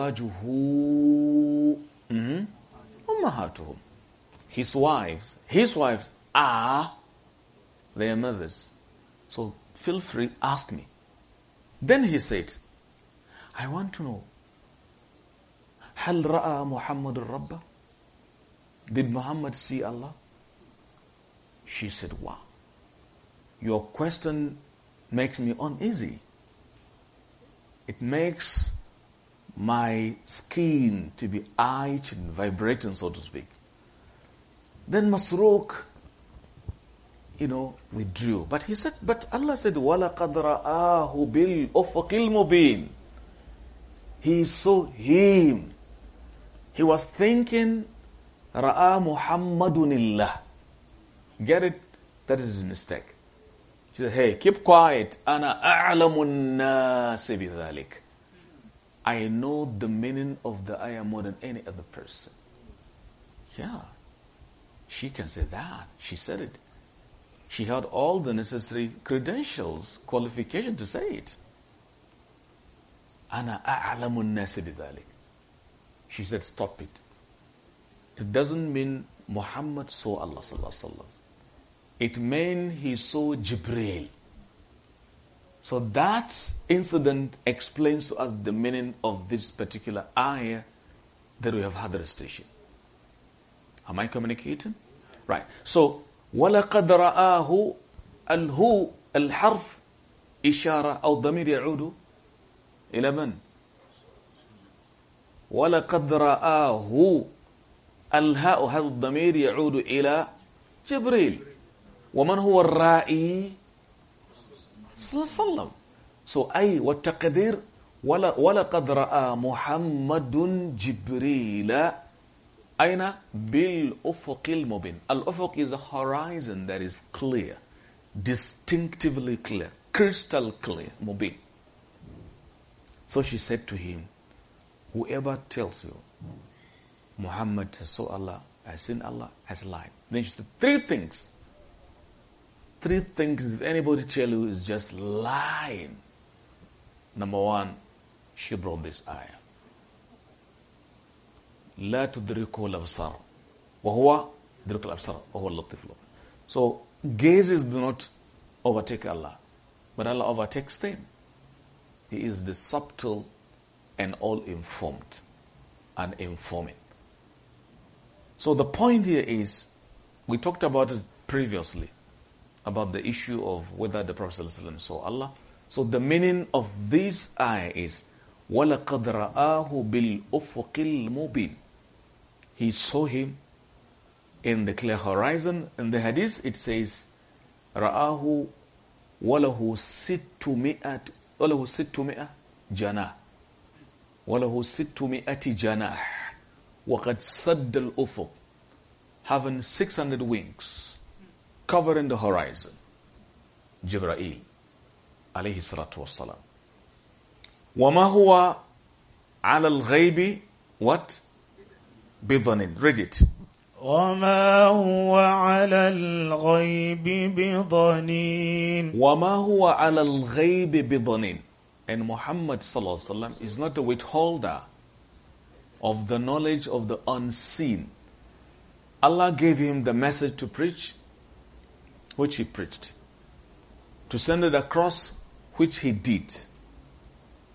Azwajuhu mm-hmm. ummahatuhum. His wives, his wives are their mothers. So feel free, ask me. Then he said, I want to know, هل رأى محمد الرب? Did Muhammad see Allah? She said, wow. Your question makes me uneasy. It makes my skin to be itching, vibrating, so to speak. Then Masrook, you know, withdrew. But he said, but Allah said, وَلَقَدْ bil بِالْأُفَقِ mubin.' He saw him. He was thinking, Ra'a مُحَمَّدٌ Get it? That is his mistake. She said, hey, keep quiet. Ana a'lamun النَّاسِ بِذَلِكَ I know the meaning of the ayah more than any other person. Yeah. She can say that. She said it. She had all the necessary credentials, qualification to say it. Ana a'lamun nasi bidhalik. She said, stop it. It doesn't mean Muhammad saw Allah sallallahu It means he saw Jibreel. So that incident explains to us the meaning of this particular ayah that we have had the recitation. Am I communicating? Right. So, وَلَقَدْ رَآهُ الْهُ الْحَرْفُ إشارة أو ضمير يعود إلى من؟ ولقد رآه الهاء هذا الضمير يعود إلى جبريل ومن هو الرائي وسلم. So أي والتقدير ولا ولقد رأى محمد جبريل أين بالأفق المبين الأفق is a horizon that is clear distinctively clear crystal clear مبين So she said to him whoever tells you Muhammad has saw Allah has seen Allah has lied then she said three things three things if anybody tell you is just lying. Number one, she brought this ayah. لا تدركه الأبصار وهو درك الأبصار وهو اللطيف So gazes do not overtake Allah, but Allah overtakes them. He is the subtle and all-informed and informing. So the point here is, we talked about it previously about the issue of whether the Prophet saw Allah. So the meaning of this ayah is, وَلَقَدْ رَآهُ بِالْأُفُقِ الْمُبِينِ He saw him in the clear horizon. In the hadith it says, رَآهُ وَلَهُ سِتُّمِئَةُ وَلَهُ سِتُّمِئَةُ جَنَاهُ وَلَهُ jana, جَنَاهُ وَقَدْ سَدَّ الْأُفُقِ Having 600 wings covering the horizon. Jibra'il, alayhi salatu wassalam. وَمَا هُوَ عَلَى الْغَيْبِ What? بِضَنٍ Read it. وما هو على الغيب بضنين وما هو على الغيب بضنين And Muhammad وسلم, is not a withholder of the knowledge of the unseen. Allah gave him the message to preach which he preached, to send it across, which he did.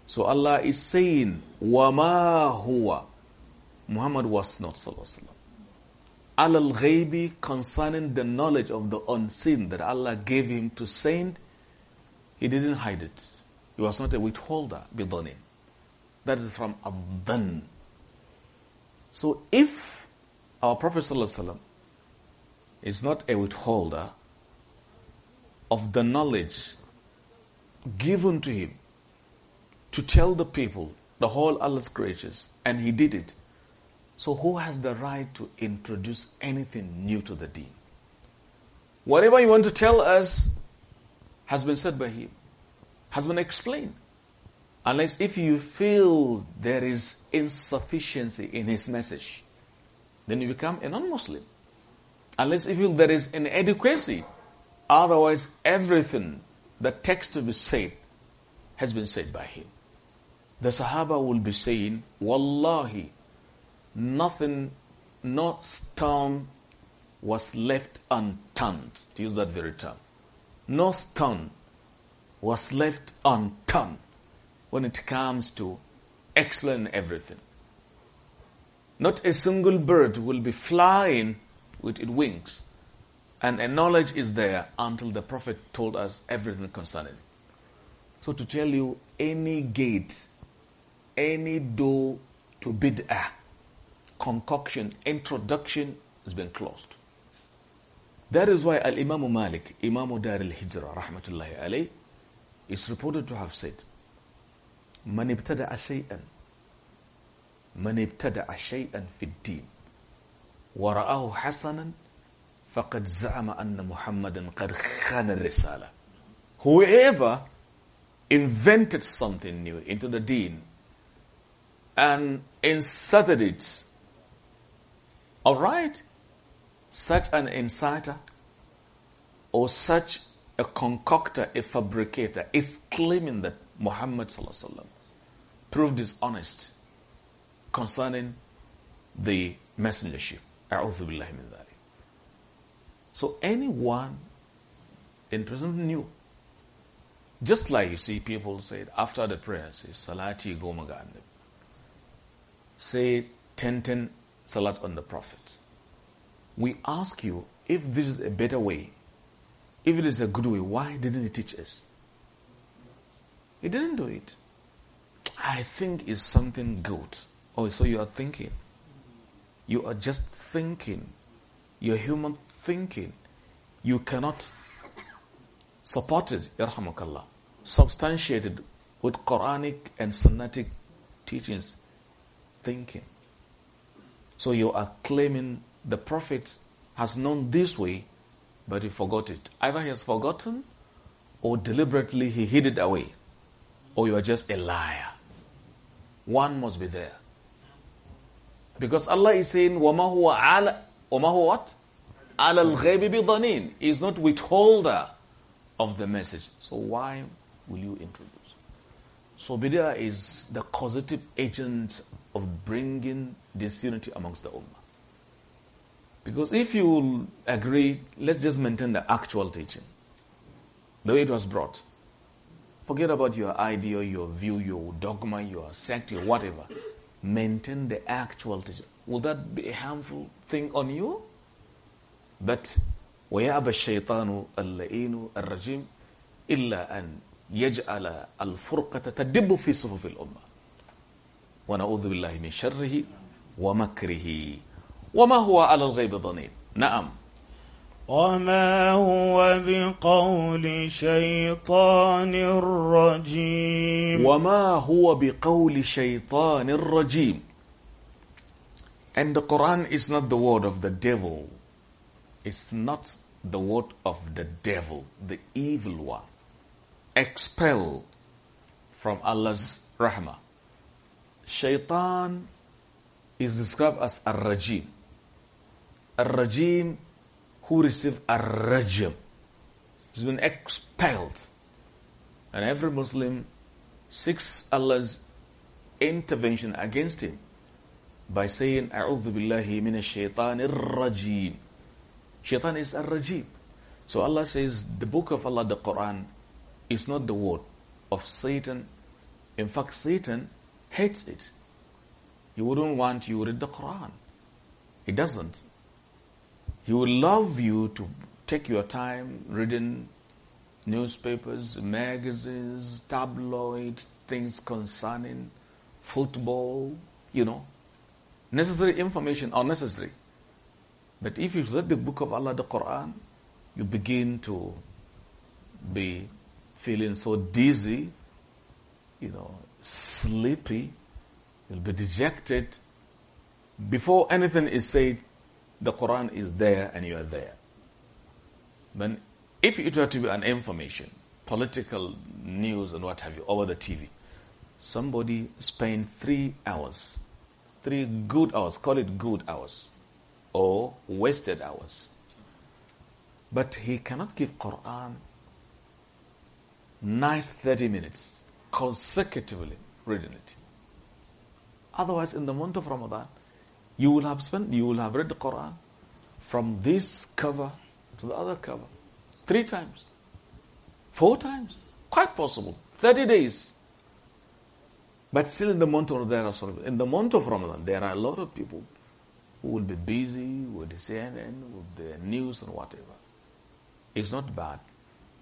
So Allah is saying, "Wama huwa Muhammad was not, sallallahu Al ghaibi concerning the knowledge of the unseen that Allah gave him to send, he didn't hide it. He was not a withholder, bidani. That is from Abdan. So if our Prophet sallallahu alaihi wasallam is not a withholder, of the knowledge given to him to tell the people the whole Allah's creatures, and he did it. So who has the right to introduce anything new to the deen? Whatever you want to tell us has been said by him, has been explained. Unless if you feel there is insufficiency in his message, then you become a non-Muslim. Unless if you feel there is inadequacy Otherwise, everything the text to be said has been said by him. The Sahaba will be saying, Wallahi, nothing, no stone was left unturned, to use that very term. No stone was left unturned when it comes to excellent everything. Not a single bird will be flying with its wings and a knowledge is there until the Prophet told us everything concerning it. So to tell you, any gate, any door to bid'ah, concoction, introduction has been closed. That is why Al-Imam Malik, Imam Dar al-Hijra, rahmatullahi alayh, is reported to have said, من ابتدع شيئا من shay'an fi في الدين ورآه حسنا فَقَدْ زَعَمَ أَنَّ مُحَمَّدًا قَدْ خَانَ Whoever invented something new into the deen and inserted it, alright, such an insider or such a concocter, a fabricator is claiming that Muhammad proved dishonest concerning the messengership. A'udhu billahi min that. So anyone interested in you, just like you see people say after the prayer, say Salati Gomagan. Say ten ten salat on the Prophet. We ask you if this is a better way, if it is a good way, why didn't he teach us? He didn't do it. I think it's something good. Oh, so you are thinking. You are just thinking. Your human thinking, you cannot support it, irhamukallah, substantiated with Quranic and Sunnatic teachings, thinking. So you are claiming the Prophet has known this way, but he forgot it. Either he has forgotten, or deliberately he hid it away, or you are just a liar. One must be there. Because Allah is saying, وَمَا هُوَ عَلَى وَمَا هُوَ what? Al ghaybi He is not withholder of the message. So why will you introduce? So bid'ah is the causative agent of bringing disunity amongst the ummah. Because if you agree, let's just maintain the actual teaching, the way it was brought. Forget about your idea, your view, your dogma, your sect, your whatever. Maintain the actual teaching. Will that be a harmful thing on you? But ويأبى الشيطان اللئين الرجيم إلا أن يجعل الفرقة تدب في صفوف الأمة ونعوذ بالله من شره ومكره وما هو على الغيب ضنين نعم وما هو بقول شيطان الرجيم وما هو بقول شيطان الرجيم And the Quran is not the word of the devil It's not the word of the devil, the evil one. Expel from Allah's rahmah. Shaitan is described as a rajim a rajim who received a rajim He's been expelled. And every Muslim seeks Allah's intervention against him by saying, أعوذ بالله من الشيطان rajim Shaitan is a rajib So Allah says, the book of Allah, the Quran, is not the word of Satan. In fact, Satan hates it. He wouldn't want you to read the Quran. He doesn't. He would love you to take your time reading newspapers, magazines, tabloid things concerning football, you know. Necessary information or necessary. But if you read the book of Allah, the Quran, you begin to be feeling so dizzy, you know, sleepy, you'll be dejected. Before anything is said, the Quran is there and you are there. Then, if it were to be an information, political news and what have you, over the TV, somebody spent three hours, three good hours, call it good hours or wasted hours. But he cannot give Quran nice 30 minutes consecutively reading it. Otherwise, in the month of Ramadan, you will have spent, you will have read the Quran from this cover to the other cover. Three times. Four times. Quite possible. 30 days. But still in the month of in the month of Ramadan, there are a lot of people who will be busy with the CNN, with the news and whatever. It's not bad,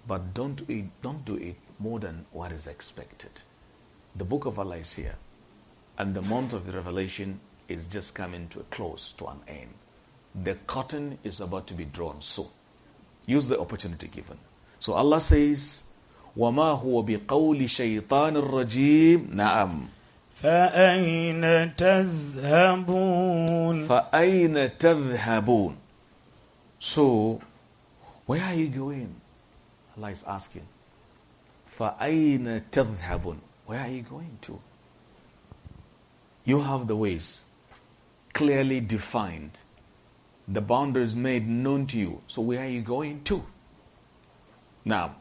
but don't do it, don't do it more than what is expected. The book of Allah is here, and the month of the revelation is just coming to a close, to an end. The curtain is about to be drawn So, Use the opportunity given. So Allah says, وَمَا هُوَ بِقَوْلِ شَيْطَانِ الرَّجِيمِ نَعَمْ فأين تذهبون فأين تذهبون So, where are you going? Allah is asking. فأين تذهبون Where are you going to? You have the ways clearly defined. The boundaries made known to you. So where are you going to? Now,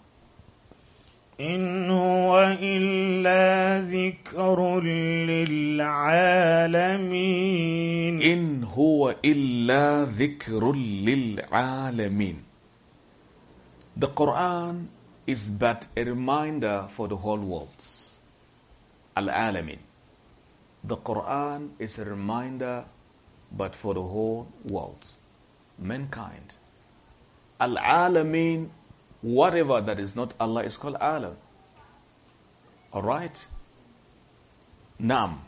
إن هو إلا ذكر للعالمين إن هو إلا ذكر للعالمين The Quran is but a reminder for the whole world. al The Quran is a reminder but for the whole world. Mankind. al Whatever that is not Allah is called Allah. Alright? Nam.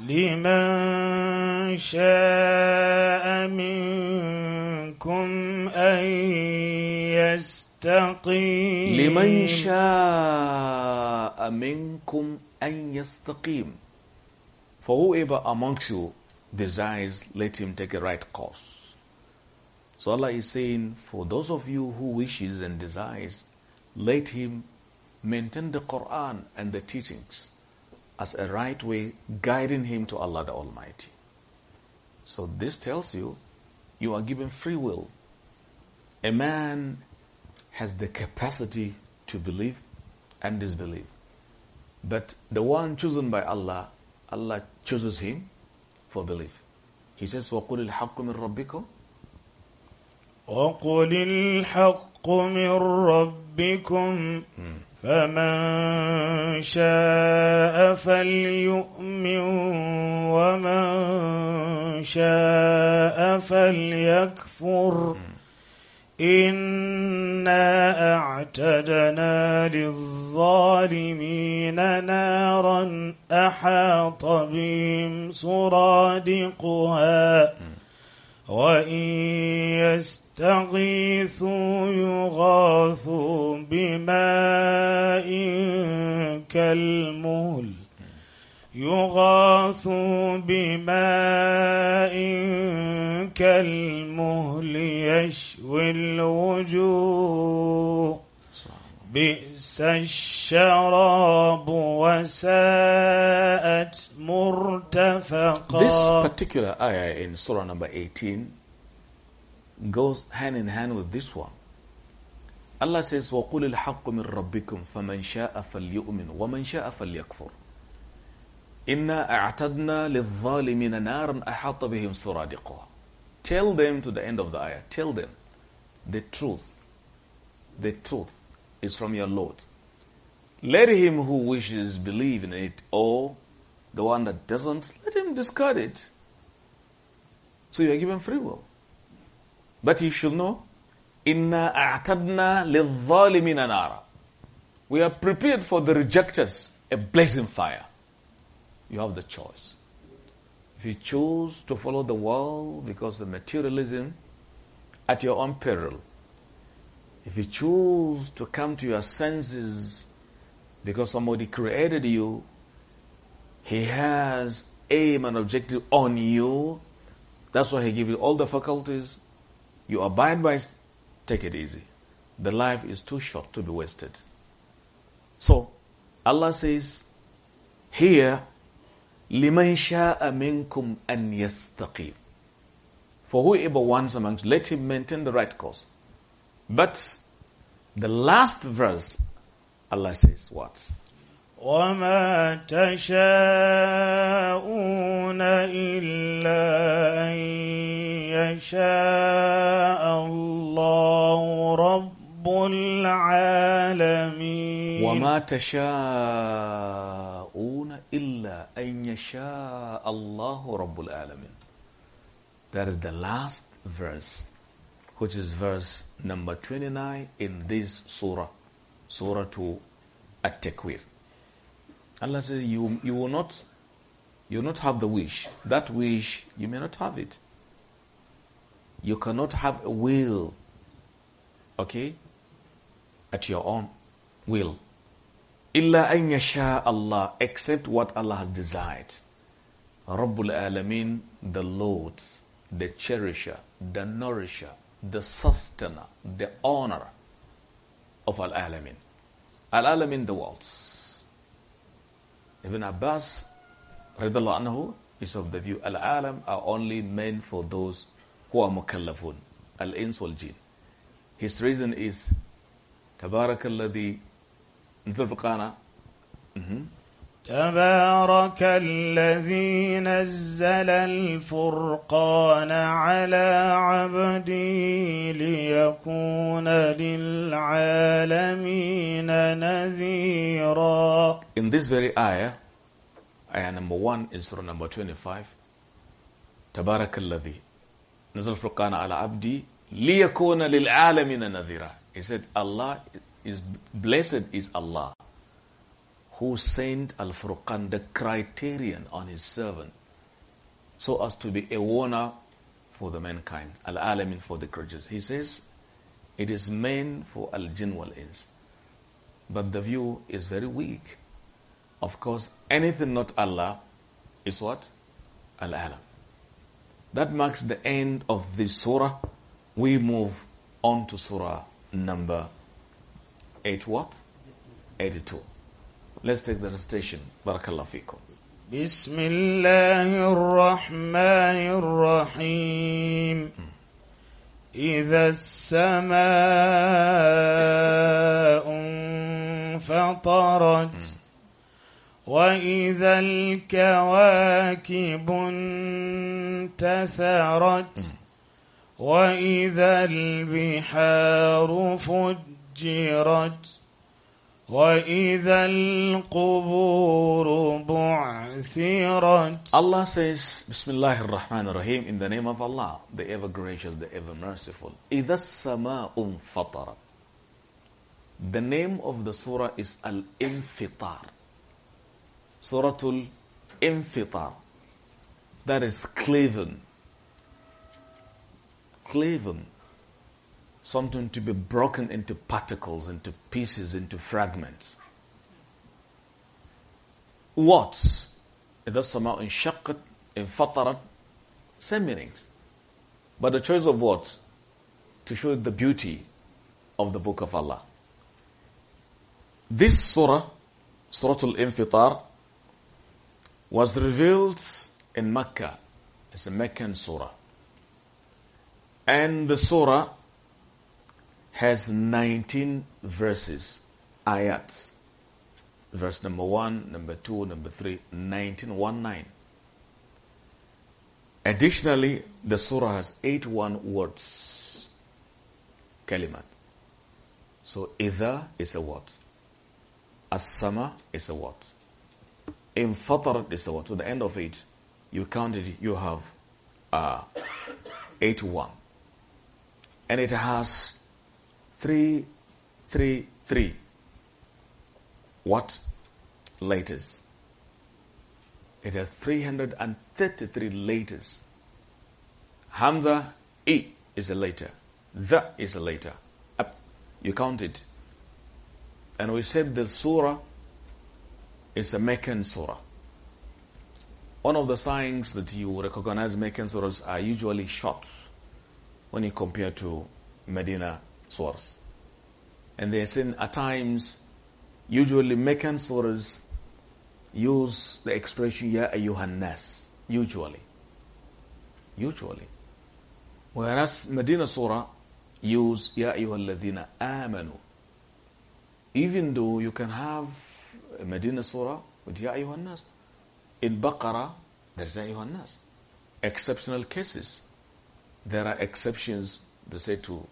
لمن شاء منكم أن يستقيم لمن شاء منكم أن يستقيم For whoever amongst you desires, let him take a right course. So Allah is saying, for those of you who wishes and desires, let him maintain the Quran and the teachings as a right way, guiding him to Allah the Almighty. So this tells you, you are given free will. A man has the capacity to believe and disbelieve. But the one chosen by Allah, Allah chooses him for belief. He says, وَقُلِ الْحَقُّ مِنْ رَبِّكُمْ وقل الحق من ربكم فمن شاء فليؤمن ومن شاء فليكفر انا اعتدنا للظالمين نارا احاط بهم سرادقها وإن يستغيثوا يغاثوا بماء كالمهل يغاثوا بماء كالمهل يشوي الوجوه بئس الشراب وساءت مرتفقا This particular ayah in surah number 18 goes hand in hand with this one. Allah says, وَقُلِ الْحَقُّ مِنْ رَبِّكُمْ فَمَنْ شَاءَ فَلْيُؤْمِنْ وَمَنْ شَاءَ فَلْيَكْفُرْ إِنَّا أَعْتَدْنَا لِلظَّالِمِينَ نَارًا أَحَطَ بِهِمْ سُرَادِقُهَا Tell them to the end of the ayah, tell them the truth, the truth. is from your Lord. Let him who wishes believe in it, or the one that doesn't, let him discard it. So you are given free will. But you should know, Inna a'tadna lil-zalimina nara. We are prepared for the rejectors, a blazing fire. You have the choice. If you choose to follow the world because of materialism, at your own peril, if you choose to come to your senses because somebody created you, he has aim and objective on you. That's why he gives you all the faculties. You abide by it, take it easy. The life is too short to be wasted. So, Allah says here, لِمَنْ شَاءَ مِنْكُمْ أَنْ يَسْتَقِيمُ For whoever wants amongst, let him maintain the right course. But the last verse, Allah says what? وما تشاءون إلا أن يشاء الله رب العالمين وما تشاءون إلا أن يشاء الله رب العالمين That is the last verse which is verse number 29 in this surah, surah to At-Takwir. Allah says, you, you will not, you will not have the wish. That wish, you may not have it. You cannot have a will, okay, at your own will. Illa an yasha Allah, except what Allah has desired. Rabbul Alameen, the Lord, the cherisher, the nourisher, the sustainer, the owner of Al Alamin. Al Alamin, the worlds. Ibn Abbas anhu, is of the view Al Alam are only meant for those who are mukallafun, Al Ins wal Jinn. His reason is Tabarakalladhi Nzul Furqana. Mm-hmm, تبارك الذي نزل الفرقان على عبدي ليكون للعالمين نذيرا In this very ayah, ayah number one in surah number 25, تبارك الذي نزل الفرقان على عبدي ليكون للعالمين نذيرا He said Allah is blessed is Allah who sent Al Furqan the criterion on his servant so as to be a warner for the mankind, Al Alamin for the creatures. He says, It is meant for Al Jinwal Ins. But the view is very weak. Of course, anything not Allah is what? Al Alam. That marks the end of this surah. We move on to surah number 8 what? 82. Let's take the recitation. Barakallah fikum. بسم الله الرحمن الرحيم إذا السماء انفطرت وإذا الكواكب انتثرت وإذا البحار فجرت وإذا القبور بعثرت Allah says, Bismillah ar-Rahman ar-Rahim, in the name of Allah, the ever gracious, the ever merciful. إذا السماء انفطرت. The name of the surah is Al-Infitar. Surah Al-Infitar. That is cleaving. Cleaving. something to be broken into particles, into pieces, into fragments. What? إذا السماء انشقت انفطرت same meanings. But the choice of words to show the beauty of the Book of Allah. This surah, Surah Al-Infitar, was revealed in Mecca. It's a Meccan surah. And the surah has 19 verses, ayat. Verse number 1, number 2, number 3, 19, 1, 9. Additionally, the surah has 81 words, kalimat. So, idha is a word. As-sama is a word. Infatarat is a word. To the end of it, you counted, it, you have uh, 81. And it has three, three, three. What? Letters. It has 333 letters. Hamza, E is a letter. The is a letter. Up. You count it. And we said the surah is a Meccan surah. One of the signs that you recognize Meccan surahs are usually short, when you compare to Medina surahs. And they are at times, usually Meccan surahs use the expression Ya ayyuhan nas, usually. Usually. Whereas Medina surah use Ya ayyuhal amanu. Even though you can have Medina surah with Ya ayyuhan nas. In Baqarah, there's Ya ayyuhan nas. Exceptional cases. There are exceptions, they say to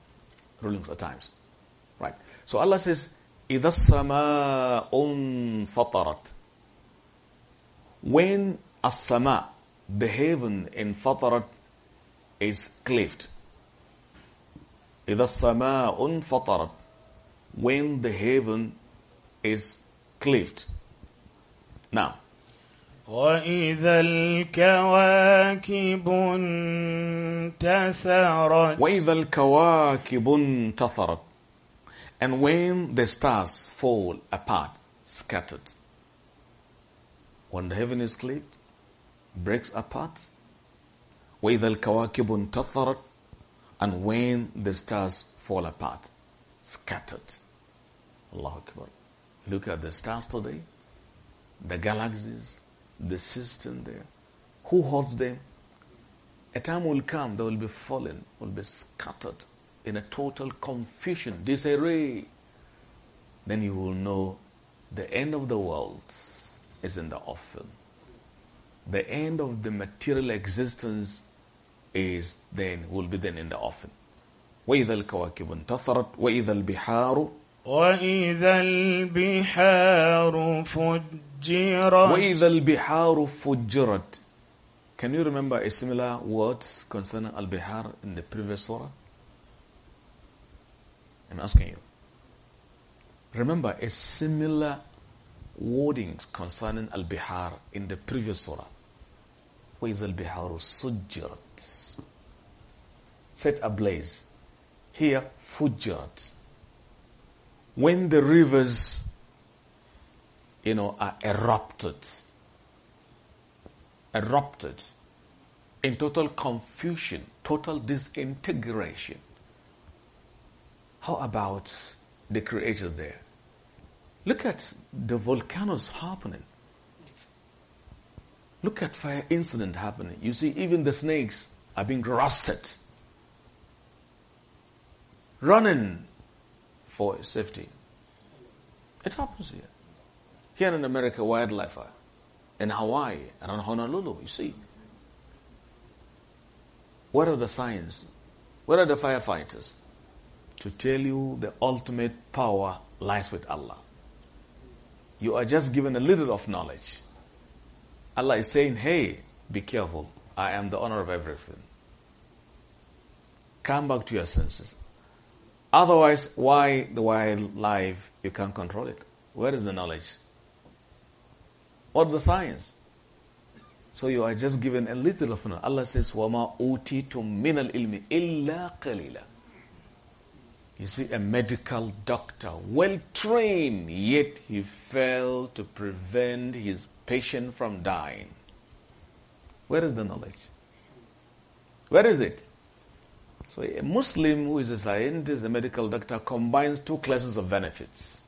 rulings at times. Right. So Allah says, إِذَا السَّمَاءُ انْفَطَرَتْ When as-sama, the heaven in fatarat is cleft. إِذَا السَّمَاءُ انْفَطَرَتْ When the heaven is cleft. Now, وإذا الكواكب انتثرت وإذا الكواكب انتثرت And when the stars fall apart, scattered. When the heaven is split, breaks apart. وإذا الكواكب انتثرت And when the stars fall apart, scattered. Allah Akbar. Look at the stars today, the galaxies, the system there. Who holds them? A time will come they will be fallen, will be scattered in a total confusion, disarray. Then you will know the end of the world is in the offing. The end of the material existence is then will be then in the offing. وإذا الكواكب انتثرت وإذا البحار وإذا البحار فجرت وإذا البحار فجرت Can you remember a similar word concerning al-bihar in the previous surah? I'm asking you. Remember a similar wording concerning al-bihar in the previous surah. وَإِذَا الْبِحَارُ سُجِّرَتْ Set ablaze. Here, fujjirat when the rivers, you know, are erupted, erupted in total confusion, total disintegration. How about the creator there? Look at the volcanoes happening. Look at fire incident happening. You see, even the snakes are being roasted. Running for safety. It happens here. Here in America, wildlife, in Hawaii, around Honolulu, you see. What are the signs? What are the firefighters? To tell you the ultimate power lies with Allah. You are just given a little of knowledge. Allah is saying, hey, be careful. I am the owner of everything. Come back to your senses. Otherwise, why the wildlife? You can't control it. Where is the knowledge? What the science? So you are just given a little of knowledge. Allah says, وَمَا أُوتِيتُم مِّنَ الْإِلْمِ إِلَّا قَلِيلًا You see, a medical doctor, well trained, yet he failed to prevent his patient from dying. Where is the knowledge? Where is it? So a Muslim who is a scientist, a medical doctor, combines two classes of benefits.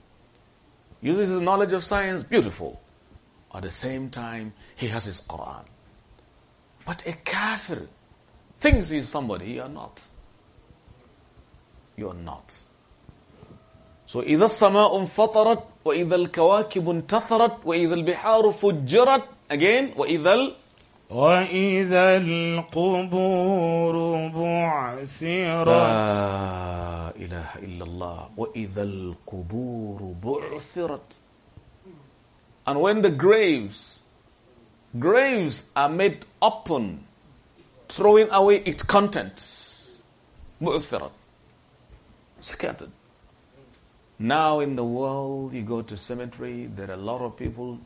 Uses his knowledge of science, beautiful. At the same time, he has his Quran. But a kafir thinks he is somebody, you are not. You are not. So إذا السماء فَطَرَتْ وإذا الكواكب انتثرت وإذا البحار فجرت again وإذا وإذا القبور بعثرت لا إله إلا الله وإذا القبور بعثرت And when the graves, graves are made open, throwing away its contents, بعثرت, scattered. Now in the world, you go to cemetery, there are a lot of people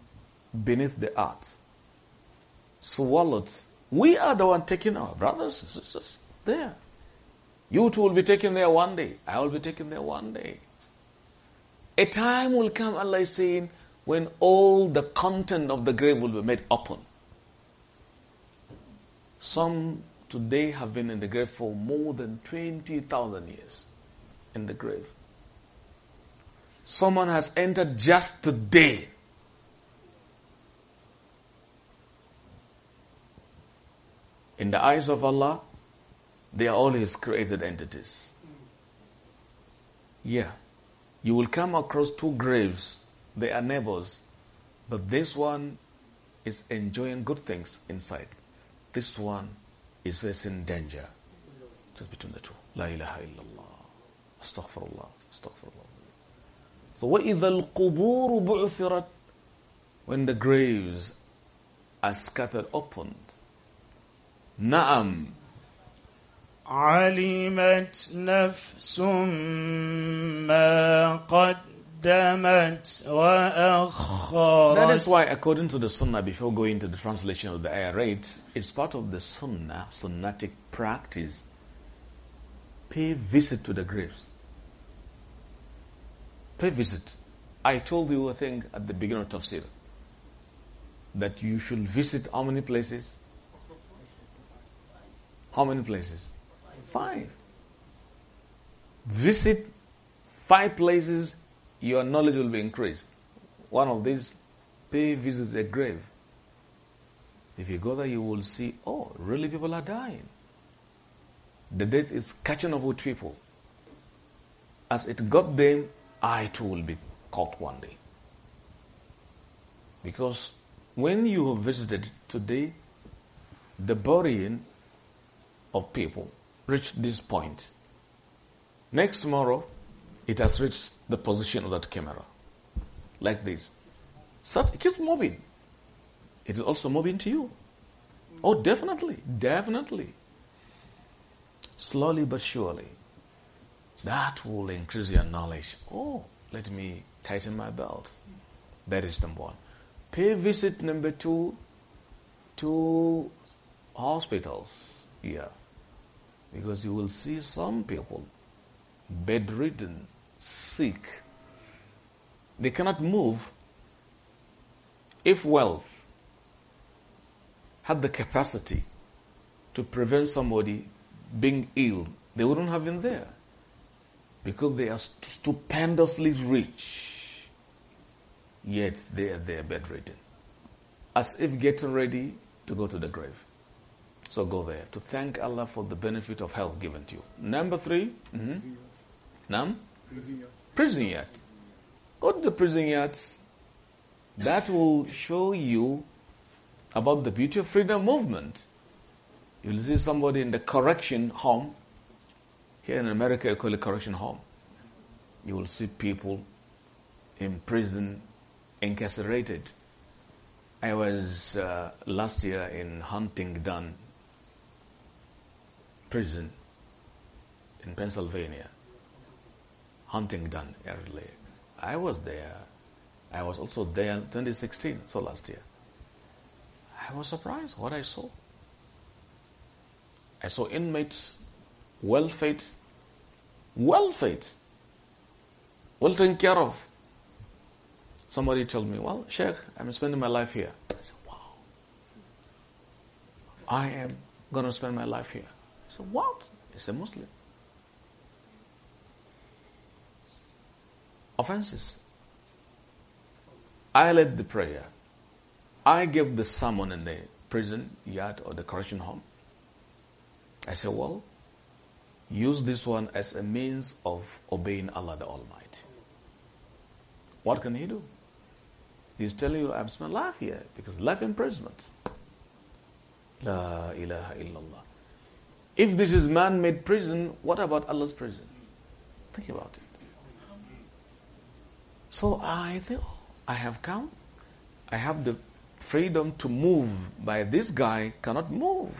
beneath the earth swallowed. We are the one taking our brothers and sisters there. You two will be taken there one day. I will be taken there one day. A time will come, Allah is saying, when all the content of the grave will be made open. Some today have been in the grave for more than 20,000 years. In the grave. Someone has entered just today In the eyes of Allah, they are all His created entities. Yeah. You will come across two graves. They are neighbors. But this one is enjoying good things inside. This one is facing danger. Just between the two. La ilaha illallah. Astaghfirullah. Astaghfirullah. So وَإِذَا الْقُبُورُ بُعْثِرَتْ When the graves are scattered opened, نعم علمت نفس ما قدمت That is why according to the sunnah before going to the translation of the ayah it's part of the sunnah sunnatic practice pay visit to the graves pay visit I told you a thing at the beginning of tafsir that you should visit how many places how many places? Five. Visit five places, your knowledge will be increased. One of these, pay visit the grave. If you go there, you will see, oh, really people are dying. The death is catching up with people. As it got them, I too will be caught one day. Because when you have visited today, the burying of people reached this point. Next tomorrow, it has reached the position of that camera. Like this. So it keeps moving. It is also moving to you. Oh, definitely, definitely. Slowly but surely, that will increase your knowledge. Oh, let me tighten my belt. That is number one. Pay visit number two to hospitals. Yeah. Because you will see some people bedridden, sick. They cannot move. If wealth had the capacity to prevent somebody being ill, they wouldn't have been there because they are stupendously rich, yet they are there bedridden, as if getting ready to go to the grave. So go there to thank Allah for the benefit of health given to you. Number 3 mm-hmm. Nam? Prison yard. Go to the prison yard. That will show you about the beauty of freedom movement. You'll see somebody in the correction home. Here in America, you call it correction home. You will see people in prison, incarcerated. I was uh, last year in Huntingdon, prison in Pennsylvania, Huntingdon, early. I was there. I was also there in 2016, so last year. I was surprised what I saw. I saw inmates well fed, well fed, well taken care of. Somebody told me, Well, Sheikh, I'm spending my life here. I said, Wow. I am going to spend my life here. So what? It's a Muslim. Offenses. I led the prayer. I gave the sermon in the prison yard or the correction home. I said, well, use this one as a means of obeying Allah the Almighty. What can he do? He's telling you, I'm spending life here because life imprisonment. La ilaha illallah. If this is man made prison, what about Allah's prison? Think about it. So I think, oh, I have come. I have the freedom to move, but this guy cannot move.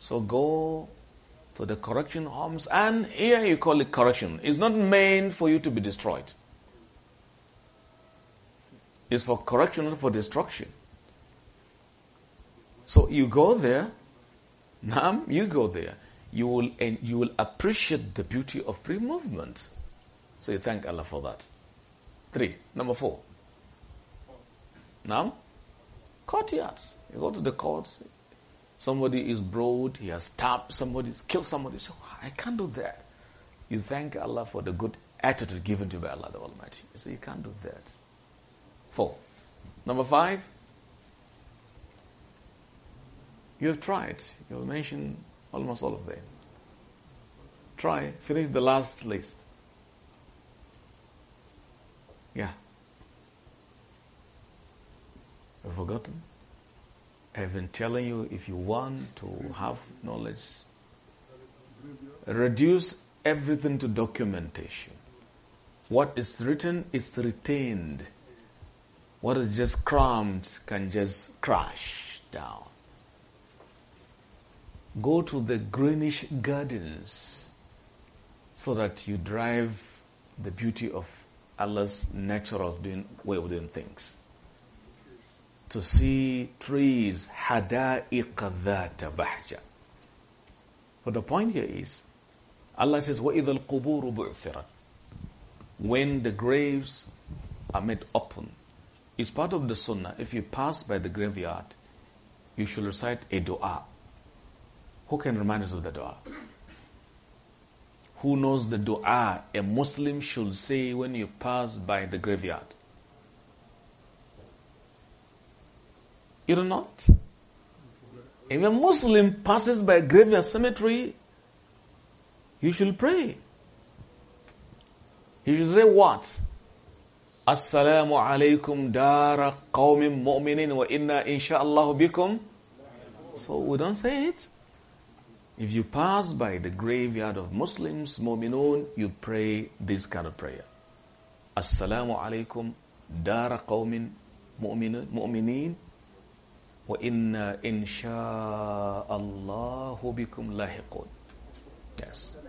So go to the correction homes, and here you call it correction. It's not meant for you to be destroyed. It's for correction, not for destruction. So you go there, Naam, you go there. You will, and you will appreciate the beauty of free movement. So you thank Allah for that. Three. Number four. Now, courtyards. You go to the court. Somebody is brought. He has stabbed somebody. Killed somebody. So I can't do that. You thank Allah for the good attitude given to you by Allah the Almighty. You so say you can't do that. Four. Number five. You have tried. You have mentioned almost all of them. Try, finish the last list. Yeah. have forgotten? I've been telling you if you want to have knowledge, reduce everything to documentation. What is written is retained. What is just crammed can just crash down. Go to the greenish gardens so that you drive the beauty of Allah's natural doing, way of doing things. To see trees, hadaiq dhata bahja. But the point here is, Allah says, وَإِذَا الْقُبُورُ When the graves are made open, it's part of the sunnah. If you pass by the graveyard, you should recite a dua. Who can remind us of the dua? Who knows the dua a Muslim should say when you pass by the graveyard? You do not? If a Muslim passes by a graveyard cemetery, he should pray. He should say what? Assalamu alaykum dara qawmin mu'minin wa inna insha'Allah bikum. So we don't say it. If you pass by the graveyard of Muslims, mu'minun, you pray this kind of prayer. Assalamu alaikum dara qawmin mu'minin wa inna insha Allahu bikum lahiqun. Yes.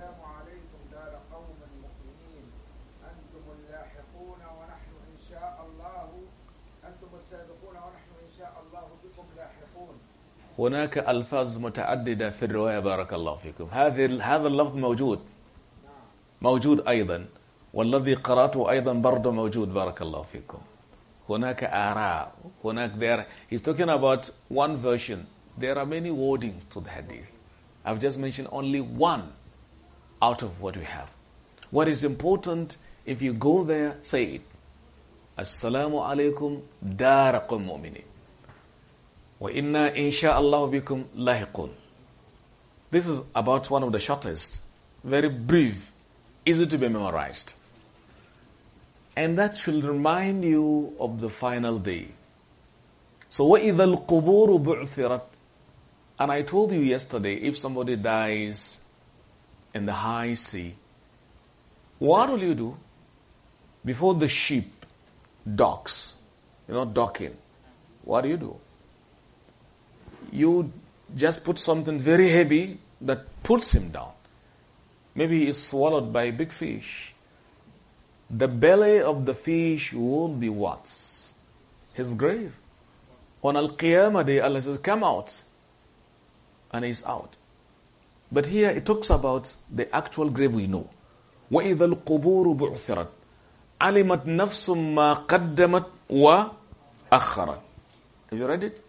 هناك ألفاظ متعددة في الرواية بارك الله فيكم هذا اللفظ موجود موجود أيضا والذي قرأته أيضا برضه موجود بارك الله فيكم هناك آراء هناك there he's talking about one version there are many wordings to the hadith I've just mentioned only one out of what we have what is important if you go there say it السلام عليكم داركم مؤمنين وَإِنَّا إِنْ اللَّهُ بِكُمْ لَهِقُونَ This is about one of the shortest, very brief, easy to be memorized. And that should remind you of the final day. So وَإِذَا الْقُبُورُ بُعْثِرَتْ And I told you yesterday, if somebody dies in the high sea, what will you do? Before the ship docks, you know, docking, what do you do? you just put something very heavy that pulls him down. Maybe he is swallowed by a big fish. The belly of the fish will be what? His grave. On Al Qiyamah day, Allah says, Come out. And he's out. But here it talks about the actual grave we know. وَإِذَا الْقُبُورُ بُعْثِرَتْ عَلِمَتْ نَفْسٌ مَا قَدَّمَتْ وَأَخَّرَتْ Have you read it?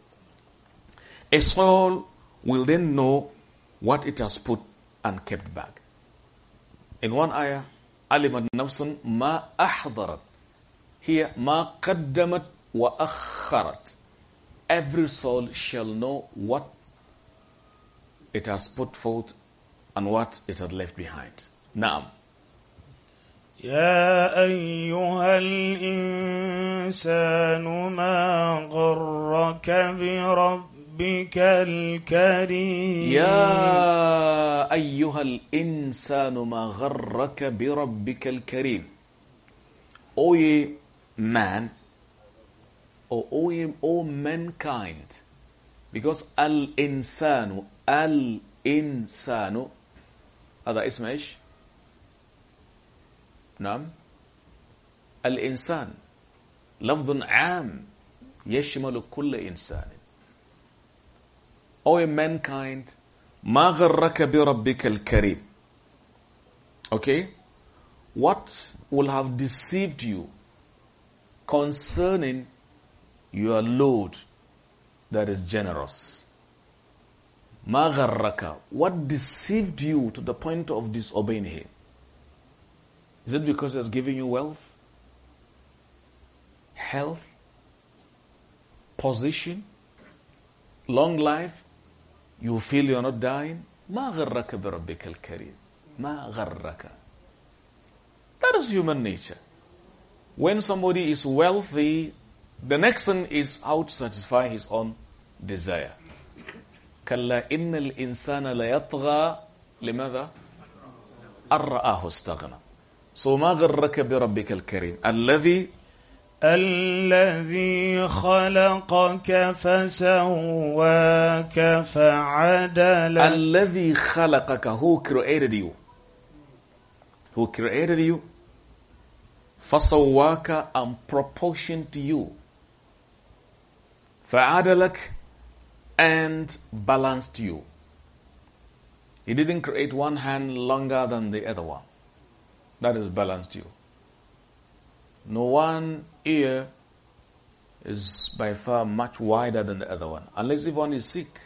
A soul will then know what it has put and kept back. In one ayah, Alimat Nafsun ma ahdarat. Here, ma qaddamat wa akharat. Every soul shall know what it has put forth and what it had left behind. Naam. يا أيها الإنسان ما غرك برب ربك الكريم يا أيها الإنسان ما غرك بربك الكريم أوي مان أو أوي أو مان كايند because الإنسان الإنسان هذا اسم ايش نعم الإنسان لفظ عام يشمل كل إنسان O mankind, مَا غَرَّكَ بِرَبِّكَ الْكَرِيمِ Okay? What will have deceived you concerning your Lord that is generous? مَا What deceived you to the point of disobeying Him? Is it because He has given you wealth? Health? Position? Long life? You feel you're not dying? ما غرك بربك الكريم ما غرك That is human nature. When somebody is wealthy, the next thing is how to satisfy his own desire. كلا إن الإنسان ليطغى لماذا؟ أن استغنى. So ما غرك بربك الكريم الذي الذي خلقك فسواك فعدلك الذي خلقك هو created you who created you فسواك and proportioned you فعدلك and balanced you he didn't create one hand longer than the other one that is balanced you No one ear is by far much wider than the other one, unless if one is sick.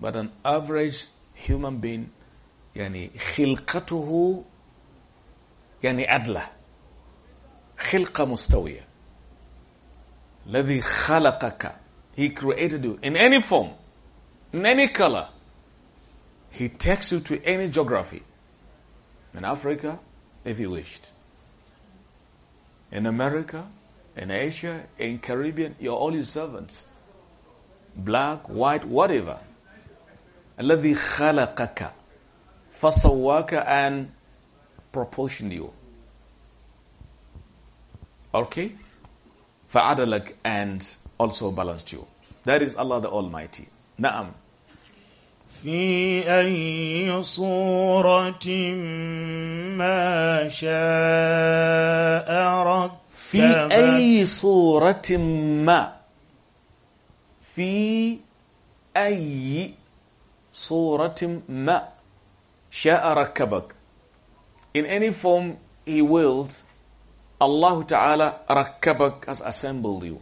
But an average human being, yani خلقته يعني أدلى خلقة مستوية الذي خلقك He created you in any form, in any color. He takes you to any geography. In Africa, if he wished in America, in Asia, in Caribbean, you're all his servants. Black, white, whatever. الذي خلقك فصواك and proportioned you. Okay? فعدلك and also balanced you. That is Allah the Almighty. نعم. في أي صورة ما شاء ركبك في أي صورة ما في أي صورة ما شاء ركبك In any form he wills Allah Ta'ala ركبك has assembled you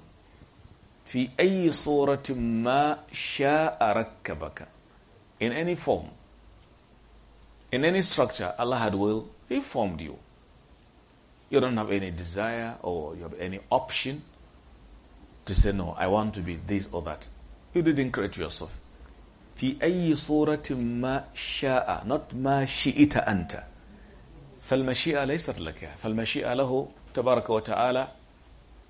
في أي صورة ما شاء ركبك in any form, in any structure, Allah had will, He formed you. You don't have any desire or you have any option to say, no, I want to be this or that. You didn't create yourself. في أي صورة ما شاء not ما شئت أنت فالمشيئة ليست لك فالمشيئة له تبارك وتعالى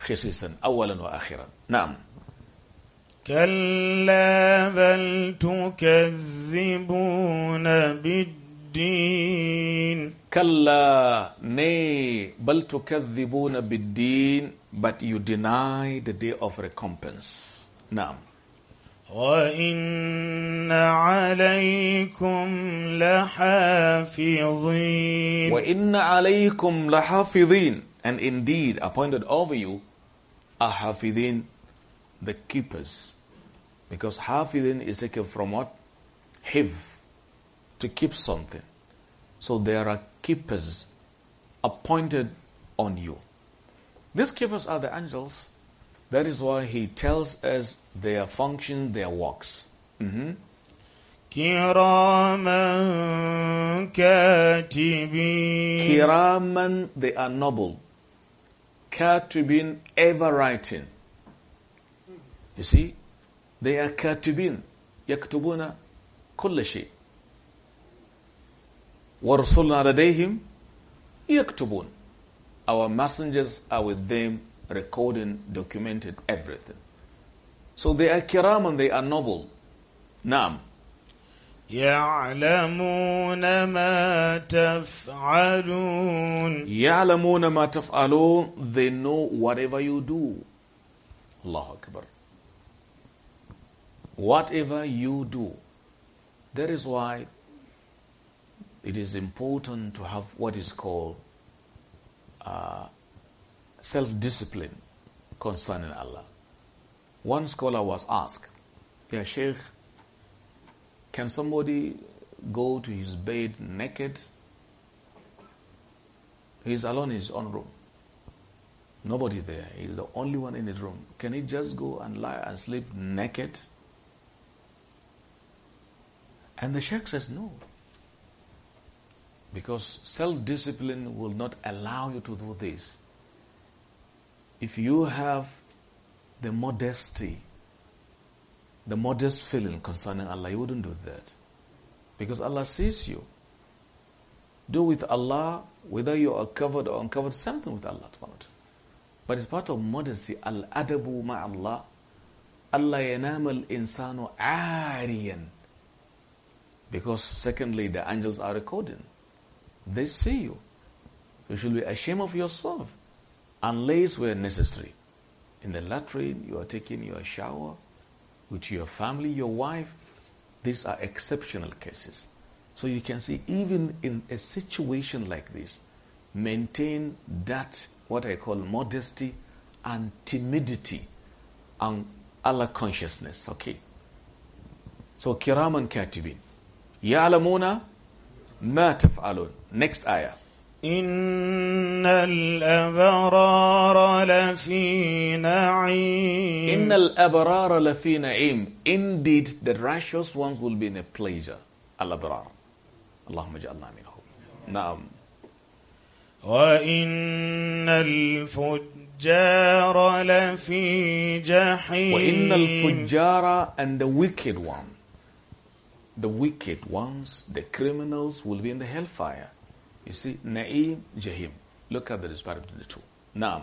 خصيصا أولا وآخرا نعم كلا بل تكذبون بالدين كلا ني بل تكذبون بالدين but you deny the day of recompense نعم وإن عليكم لحافظين وإن عليكم لحافظين and indeed appointed over you are حافظين the keepers. Because hafidin is taken from what? Hiv, to keep something. So there are keepers appointed on you. These keepers are the angels. That is why he tells us their function, their works. Mm-hmm. Kiraman katibin. Kiraman, they are noble. Katibin, ever writing. You see, they are katibin, yaktubuna kulla shay. وَرْسُلْنَا لَدَيْهِمْ يَكْتُبُونَ Our messengers are with them, recording, documented everything. So they are kiram and they are noble. Naam. يعلمون ما تفعلون يعلمون ما تفعلون They know whatever you do. الله أكبر. Whatever you do, that is why it is important to have what is called uh, self discipline concerning Allah. One scholar was asked, "Ya Sheikh, can somebody go to his bed naked? He is alone in his own room. Nobody there. He is the only one in his room. Can he just go and lie and sleep naked? And the Sheikh says, no. Because self-discipline will not allow you to do this. If you have the modesty, the modest feeling concerning Allah, you wouldn't do that. Because Allah sees you. Do with Allah, whether you are covered or uncovered, something with Allah. But it's part of modesty. Al-adabu ma'allah. Allah yanam al-insanu ariyan. Because secondly, the angels are recording. They see you. You should be ashamed of yourself. Unless where necessary. In the latrine, you are taking your shower with your family, your wife. These are exceptional cases. So you can see even in a situation like this, maintain that what I call modesty and timidity and Allah consciousness. Okay. So kiraman katibin. يعلمون ما تفعلون next آية إن الأبرار لفي نعيم إن الأبرار لفي نعيم Indeed the righteous ones will be in a pleasure الأبرار اللهم اجعلنا منهم نعم وإن الفجار لفي جحيم وإن الفجار and the wicked one the wicked ones, the criminals will be in the hellfire. You see, Na'im, Jahim. Look at the disparity of the two. Naam.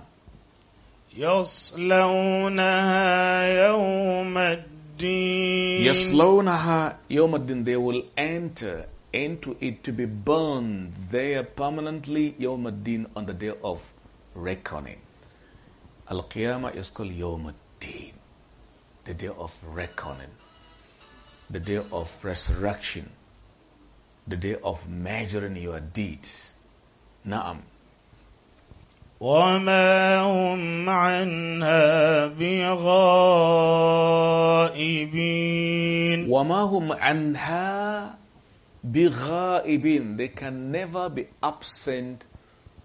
يصلونها yomadin. They will enter into it to be burned there permanently yomadin on the day of reckoning. Al-Qiyamah is called yomadin, The day of reckoning the day of resurrection, the day of measuring your deeds. Naam. وما هم عنها بغائبين وما هم عنها بغائبين they can never be absent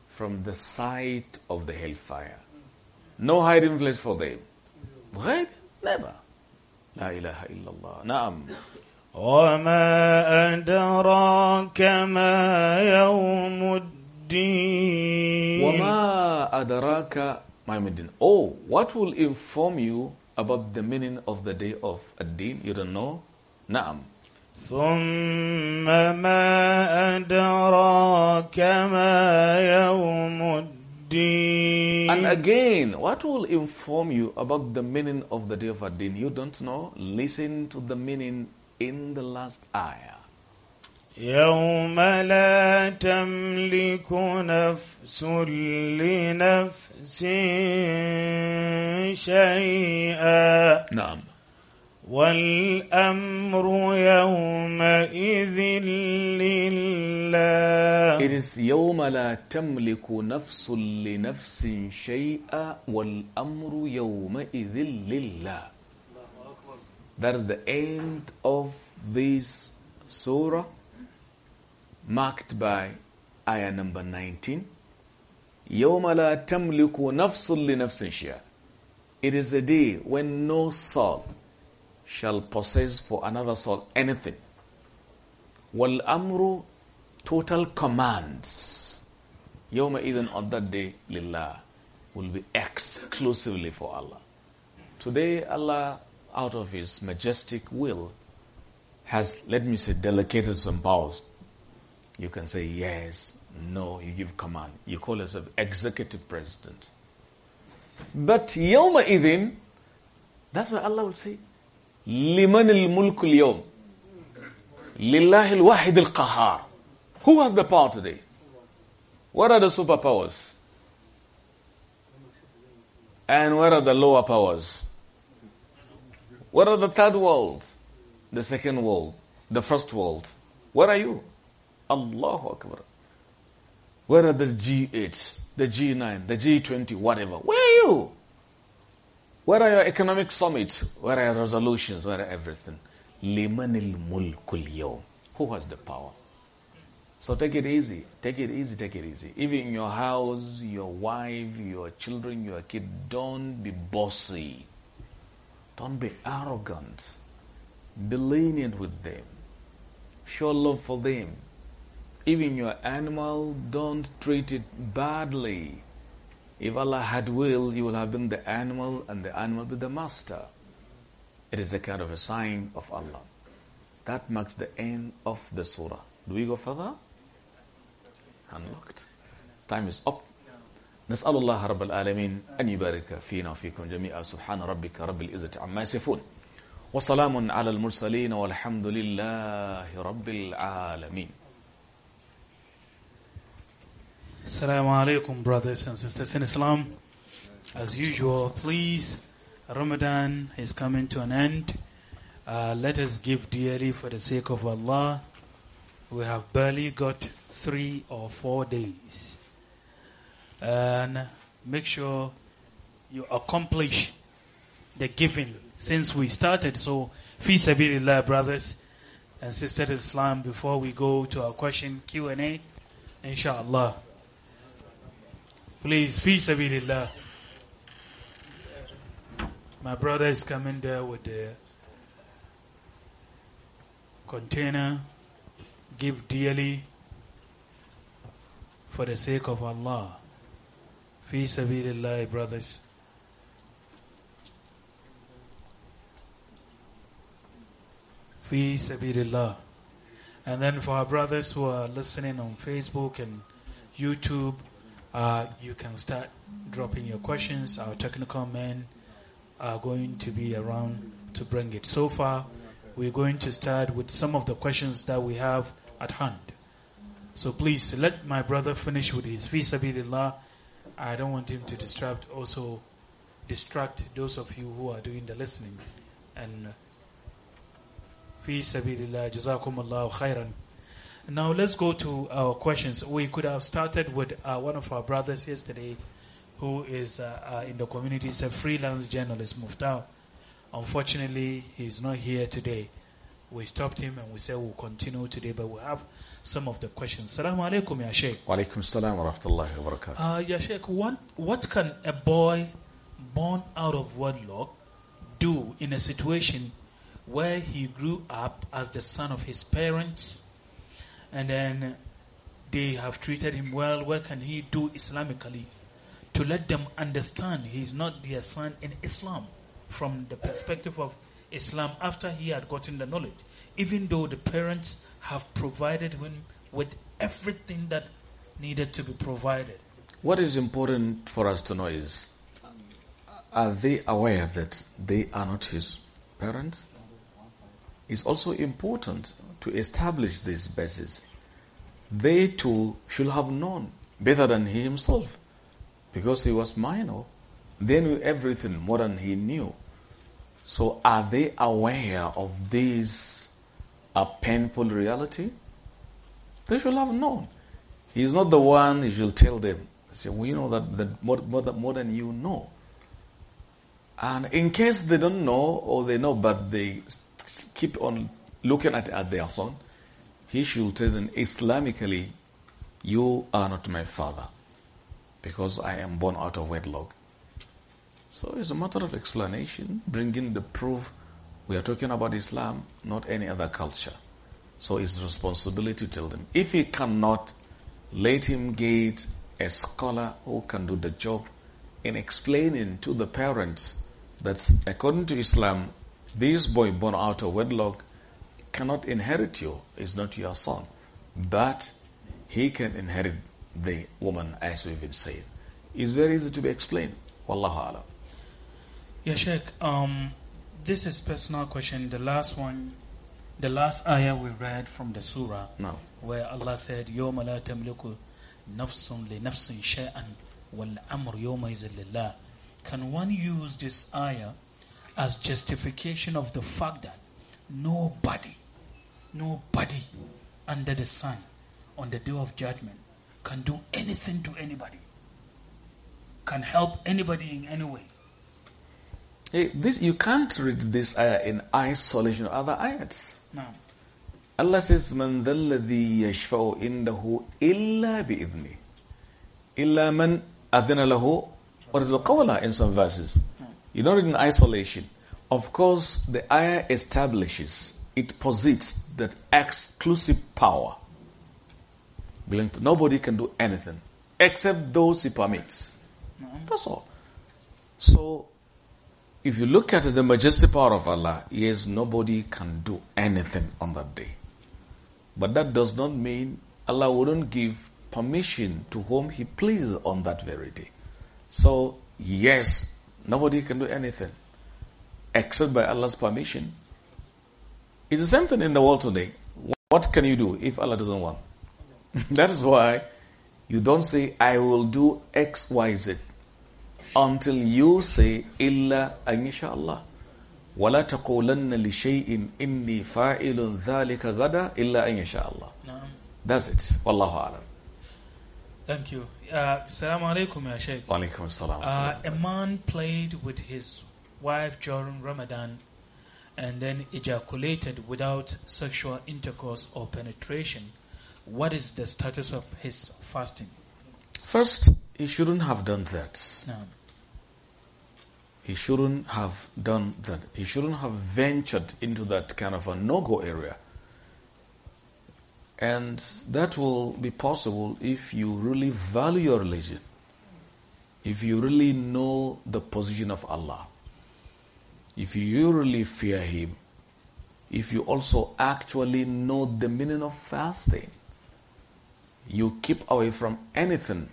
from the sight of the hellfire no hiding place for them غائب never لا إله إلا الله نعم وما أدراك ما يوم الدين وما أدراك ما يوم الدين Oh, what will inform you about the meaning of the day of الدين You don't know? نعم ثم ما أدراك ما يوم الدين And again, what will inform you about the meaning of the day of Adin? You don't know? Listen to the meaning in the last ayah. يوم لا تملك نفس لنفس شيئا نعم والأمر يومئذ لله It is يوم لا تملك نفس لنفس شيئا والأمر يومئذ لله That is the end of this surah marked by ayah number 19 يوم لا تملك نفس لنفس شيئا It is a day when no soul shall possess for another soul anything. Wal amru, total commands. Yawma idhan on that day, lillah, will be exclusively for Allah. Today, Allah, out of His majestic will, has, let me say, delegated some powers. You can say yes, no, you give command. You call yourself executive president. But yawma idhin, that's what Allah will say, لمن الملك اليوم لله الواحد القهار Who has the power today? What are the superpowers? And where are the lower powers? What are the third world? The second world? The first world? Where are you? Allahu Akbar. Where are the G8, the G9, the G20, whatever? Where are you? Where are your economic summits? Where are your resolutions? Where are everything? Limanil mulkul yo. Who has the power? So take it easy. Take it easy. Take it easy. Even your house, your wife, your children, your kid, don't be bossy. Don't be arrogant. Be lenient with them. Show love for them. Even your animal, don't treat it badly. If Allah had will, you will have been the animal and the animal be the master. It is a kind of a sign of Allah. That marks the end of the surah. Do we go further? Unlocked. Time is up. نسأل الله رب العالمين أن يبارك فينا وفيكم جميعا سبحان ربك رب العزة عما يصفون وسلام على المرسلين والحمد لله رب العالمين Assalamu alaikum, brothers and sisters in Islam. As usual, please, Ramadan is coming to an end. Uh, let us give dearly for the sake of Allah. We have barely got three or four days. And make sure you accomplish the giving since we started. So, fi sabilillah, brothers and sisters in Islam, before we go to our question Q&A, inshallah. Please, fi sabilillah. My brother is coming there with the container. Give dearly for the sake of Allah. Fi sabilillah, brothers. Fee sabirullah, And then for our brothers who are listening on Facebook and YouTube, uh, you can start dropping your questions. Our technical men are going to be around to bring it. So far, we're going to start with some of the questions that we have at hand. So please let my brother finish with his fisabilillah. I don't want him to distract also distract those of you who are doing the listening and uh, fi sabilillah jazakumullahu khairan now let's go to our questions. We could have started with uh, one of our brothers yesterday, who is uh, uh, in the community. He's a freelance journalist, Muftar. Unfortunately, he's not here today. We stopped him and we said we'll continue today, but we have some of the questions. Assalamu alaikum, Ya Sheikh. Wa alaikum salam wa rahmatullahi wa barakatuh. Uh, ya Sheikh, what, what can a boy born out of wedlock do in a situation where he grew up as the son of his parents and then they have treated him well. What can he do Islamically? To let them understand he's not their son in Islam from the perspective of Islam after he had gotten the knowledge, even though the parents have provided him with everything that needed to be provided. What is important for us to know is are they aware that they are not his parents? It's also important to establish this basis. They too should have known better than he himself because he was minor. They knew everything more than he knew. So are they aware of this a painful reality? They should have known. He's not the one he should tell them. Say, well, you know that, that more, more, more than you know. And in case they don't know or they know but they keep on looking at, at their son, he should tell them, Islamically, you are not my father because I am born out of wedlock. So it's a matter of explanation, bringing the proof. We are talking about Islam, not any other culture. So it's responsibility to tell them. If he cannot, let him get a scholar who can do the job in explaining to the parents that according to Islam, this boy born out of wedlock cannot inherit you, is not your son. But he can inherit the woman, as we've been saying. It's very easy to be explained. Wallahu alam. Yeah, Sheikh, um, this is personal question. The last one, the last ayah we read from the surah, no. where Allah said, يَوْمَ لَا تَمْلِكُ نَفْسٌ لِنَفْسٍ شَيْئًا وَالْأَمْرُ يَوْمَ لِلَّهِ Can one use this ayah as justification of the fact that nobody, nobody under the sun on the day of judgment can do anything to anybody, can help anybody in any way. Hey, this you can't read this ayah in isolation of other ayats. No. Allah says, "Man dhalladhi yashfa'u indahu illa bi'idhni." Illa man adhina lahu or the qawla in some verses you know, in isolation. Of course, the ayah establishes, it posits that exclusive power belongs to nobody can do anything except those he permits. That's all. So, if you look at the majestic power of Allah, yes, nobody can do anything on that day. But that does not mean Allah wouldn't give permission to whom He pleases on that very day. So, yes, Nobody can do anything except by Allah's permission. It's the same thing in the world today. What can you do if Allah doesn't want? that is why you don't say, I will do X, Y, Z until you say, Illa an inshallah. ولا تقولن لشيء إني فاعل ذلك غدا إلا أن يشاء الله. That's it. Wallahu a'lam. Thank you. Uh, Assalamu alaikum, Ya Sheikh. Wa alaikum assalam. Uh, a man played with his wife during Ramadan and then ejaculated without sexual intercourse or penetration. What is the status of his fasting? First, he shouldn't have done that. No. He shouldn't have done that. He shouldn't have ventured into that kind of a no-go area. And that will be possible if you really value your religion. If you really know the position of Allah. If you really fear Him. If you also actually know the meaning of fasting. You keep away from anything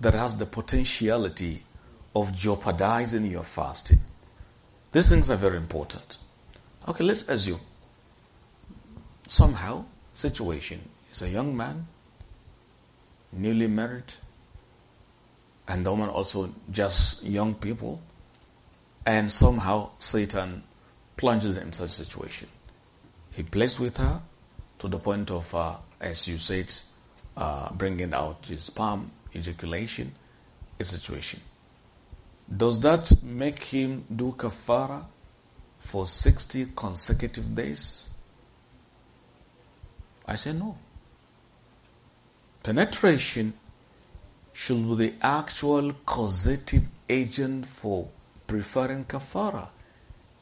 that has the potentiality of jeopardizing your fasting. These things are very important. Okay, let's assume somehow situation is a young man, newly married, and the woman also just young people, and somehow Satan plunges them in such a situation. He plays with her to the point of, uh, as you said, uh, bringing out his palm, ejaculation, a situation. Does that make him do kafara for 60 consecutive days? I say no. Penetration should be the actual causative agent for preferring kafara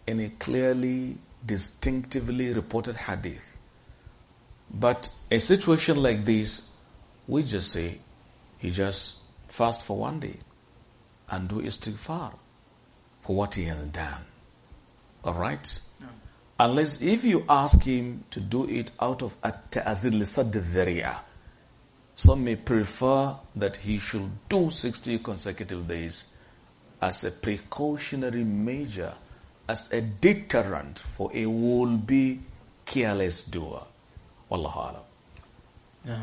in a clearly, distinctively reported hadith. But a situation like this, we just say, he just fast for one day and do istighfar for what he has done. Alright? Unless if you ask him to do it out of a tazir lisadhariya. Some may prefer that he should do 60 consecutive days as a precautionary measure, as a deterrent for a would-be careless doer. Wallahu alam. Yeah.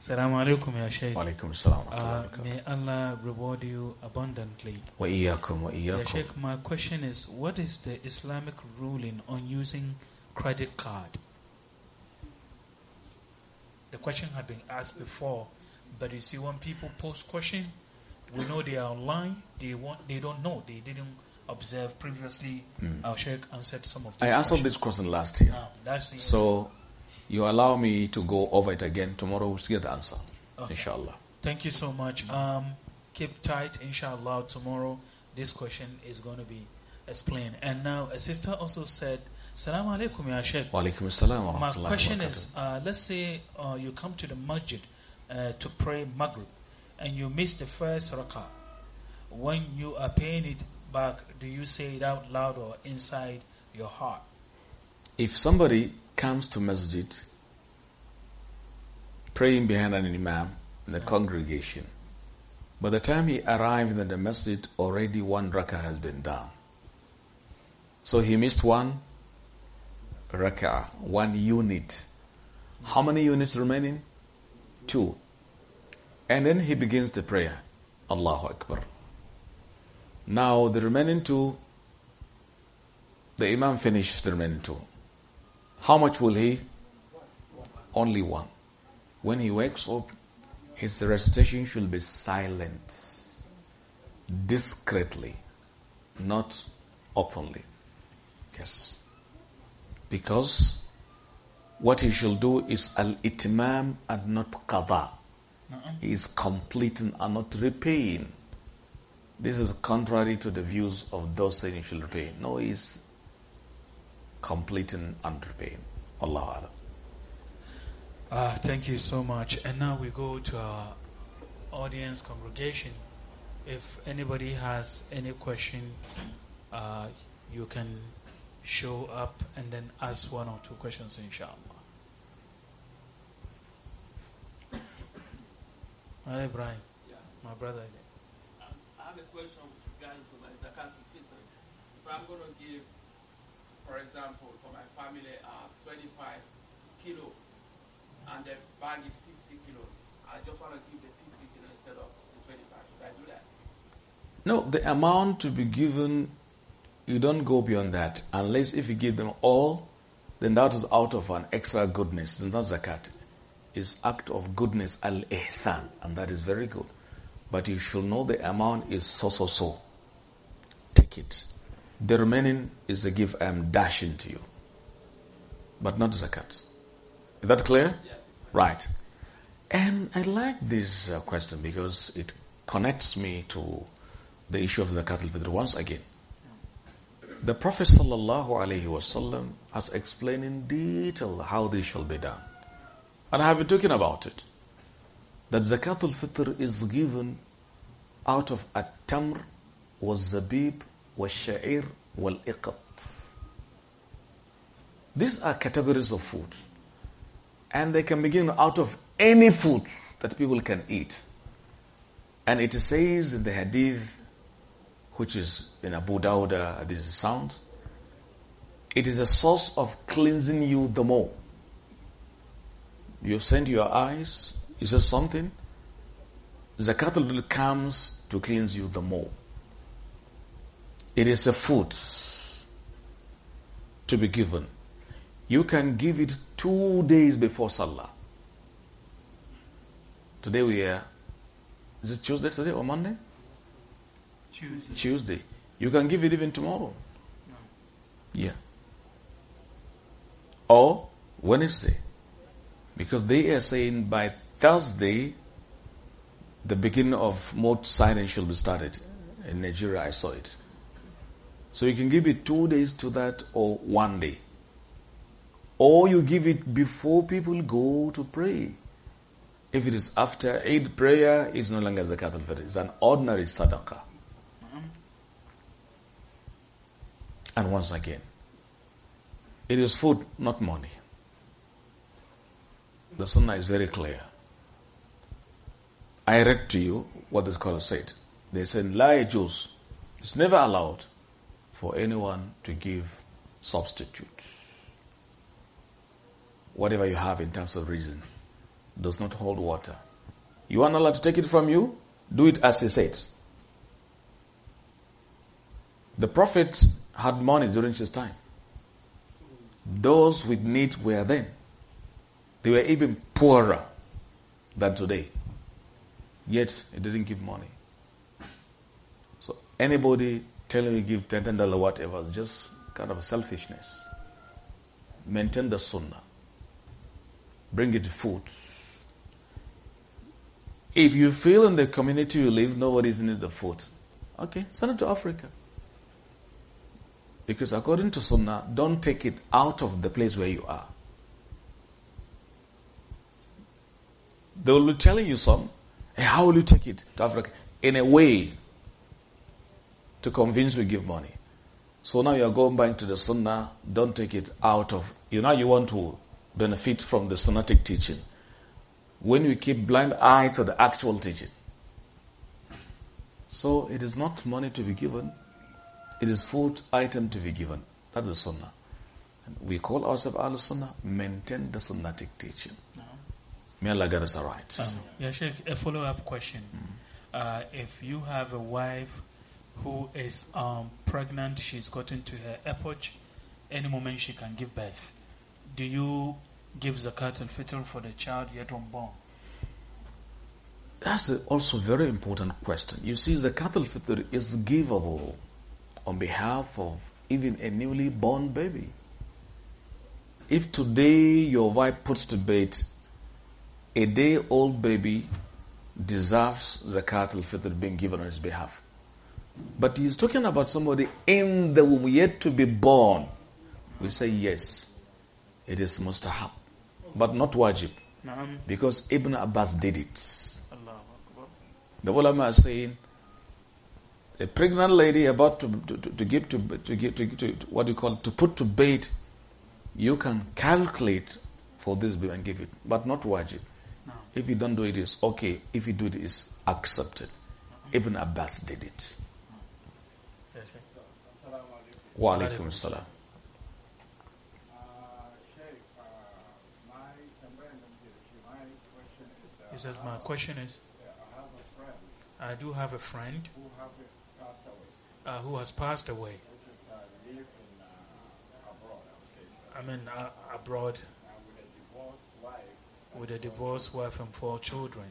Assalamu alaikum, Ya Shaykh. alaikum Uh, may Allah reward you abundantly. Wa iyaakum, wa Ya Shaykh, my question is what is the Islamic ruling on using credit card? The question had been asked before, but you see, when people post question, we know they are online. They want, they don't know. They didn't observe previously. Mm. Our answered some of. These I answered this question last year. so you allow me to go over it again. Tomorrow we'll get the answer. Okay. Inshallah. Thank you so much. Um, keep tight, inshallah. Tomorrow this question is going to be explained. And now a sister also said, Salaamu Alaikum, Ya Sheikh. Wa Alaikum Assalam My question is, uh, let's say uh, you come to the masjid uh, to pray Maghrib and you miss the first rakah. When you are paying it back, do you say it out loud or inside your heart? If somebody comes to masjid praying behind an imam in the congregation. By the time he arrived in the masjid, already one rakah has been done. So he missed one rakah, one unit. How many units remaining? Two. And then he begins the prayer. Allahu Akbar. Now the remaining two, the Imam finished the remaining two. How much will he? Only one. When he wakes up, his recitation should be silent, discreetly, not openly. Yes. Because what he should do is al itimam and not qada. Uh-uh. He is completing and not repaying. This is contrary to the views of those saying he should repay. No, he is complete in underpaying. Allah Alam. Uh, ah, thank you so much. And now we go to our audience congregation. If anybody has any question, uh, you can show up and then ask one or two questions, inshallah. Hi, Brian. Yeah. My brother. Um, I have a question regarding to my zakat. If I'm going to give for example, for my family are uh, 25 kilo and the bag is 50 kilo, I just want to give the 50 kilo instead of the 25. Should I do that? No, the amount to be given, you don't go beyond that unless if you give them all, then that is out of an extra goodness. It's not zakat. It's act of goodness al ihsan, and that is very good. But you should know the amount is so so so. Take it. The remaining is the gift I am dashing to you, but not zakat. Is that clear? Yes. Right. And I like this uh, question because it connects me to the issue of zakat al-fitr once again. The Prophet sallallahu alaihi wasallam has explained in detail how this shall be done, and I have been talking about it. That zakat al-fitr is given out of a tamr was zabib, والشعير والإقط. These are categories of food. And they can begin out of any food that people can eat. And it says in the hadith, which is in Abu Dawud, this is sound, it is a source of cleansing you the more. You send your eyes, you say something, zakatul comes to cleanse you the more. It is a food to be given. You can give it two days before Salah. Today we are, is it Tuesday today or Monday? Tuesday. Tuesday. You can give it even tomorrow. No. Yeah. Or Wednesday. Because they are saying by Thursday, the beginning of mode silence shall be started. In Nigeria, I saw it. So you can give it two days to that or one day. Or you give it before people go to pray. If it is after Eid prayer, it's no longer zakat al-fitr. It's an ordinary sadaqah. And once again, it is food, not money. The sunnah is very clear. I read to you what the scholars said. They said, "Lie, Jews. It's never allowed for anyone to give substitute. Whatever you have in terms of reason does not hold water. You want Allah to take it from you? Do it as He said. The Prophet had money during his time. Those with need were then. They were even poorer than today. Yet, he didn't give money. So, anybody telling you give ten, ten dollar, whatever. just kind of selfishness. Maintain the sunnah. Bring it food. If you feel in the community you live, is in the food. Okay, send it to Africa. Because according to Sunnah, don't take it out of the place where you are. They will be telling you some. Hey, how will you take it to Africa? In a way to convince we give money. So now you are going back to the sunnah, don't take it out of, you know, you want to benefit from the sunnatic teaching. When we keep blind eye to the actual teaching. So it is not money to be given, it is food item to be given. That is sunnah. we call ourselves al sunnah, maintain the sunnatic teaching. No. May Allah get us right. Um, yeah, Sheikh, a follow up question. Mm uh, if you have a wife who is um, pregnant, she's gotten to her epoch, any moment she can give birth. Do you give zakat al fitr for the child yet unborn? That's a, also very important question. You see, zakat al fitr is givable on behalf of even a newly born baby. If today your wife puts to bed a day old baby deserves zakat al fitr being given on his behalf. But he's talking about somebody in the womb yet to be born. We say yes, it is mustahab, but not wajib. Because Ibn Abbas did it. The ulama are saying, a pregnant lady about to, to, to, to give to, to, give, to, to, what you call to put to bed, you can calculate for this and give it, but not wajib. No. If you don't do it, it's okay. If you do it, it's accepted. Ibn Abbas did it. وعليكم السلام He says, my question is, I do have a friend uh, who has passed away. I mean, uh, abroad with a divorced wife and four children.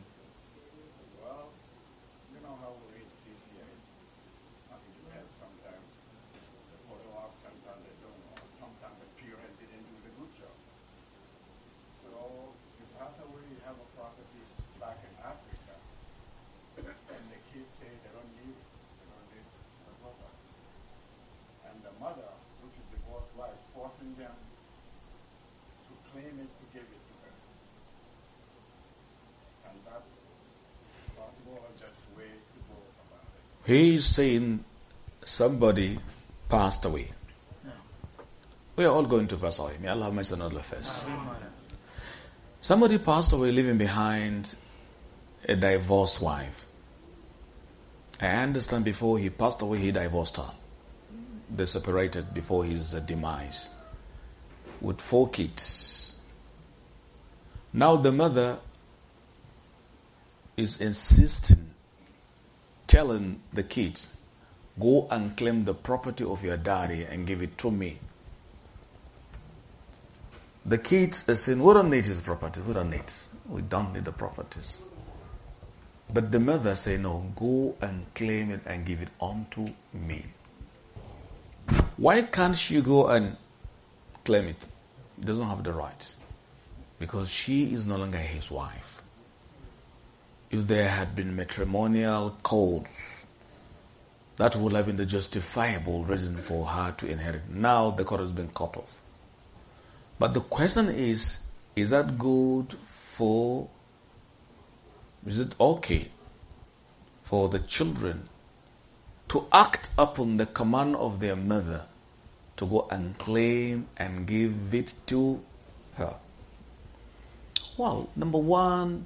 He's saying somebody passed away. We are all going to pass away. May Allah mention all of us. Somebody passed away leaving behind a divorced wife. I understand before he passed away, he divorced her. They separated before his demise with four kids. Now the mother is insisting, telling the kids, go and claim the property of your daddy and give it to me. The kids are saying, we don't need his property, we don't need, we don't need the properties. But the mother say, no, go and claim it and give it unto me. Why can't she go and claim it? He doesn't have the right. Because she is no longer his wife if there had been matrimonial codes, that would have been the justifiable reason for her to inherit. Now the cord has been cut off. But the question is, is that good for, is it okay for the children to act upon the command of their mother to go and claim and give it to her? Well, number one,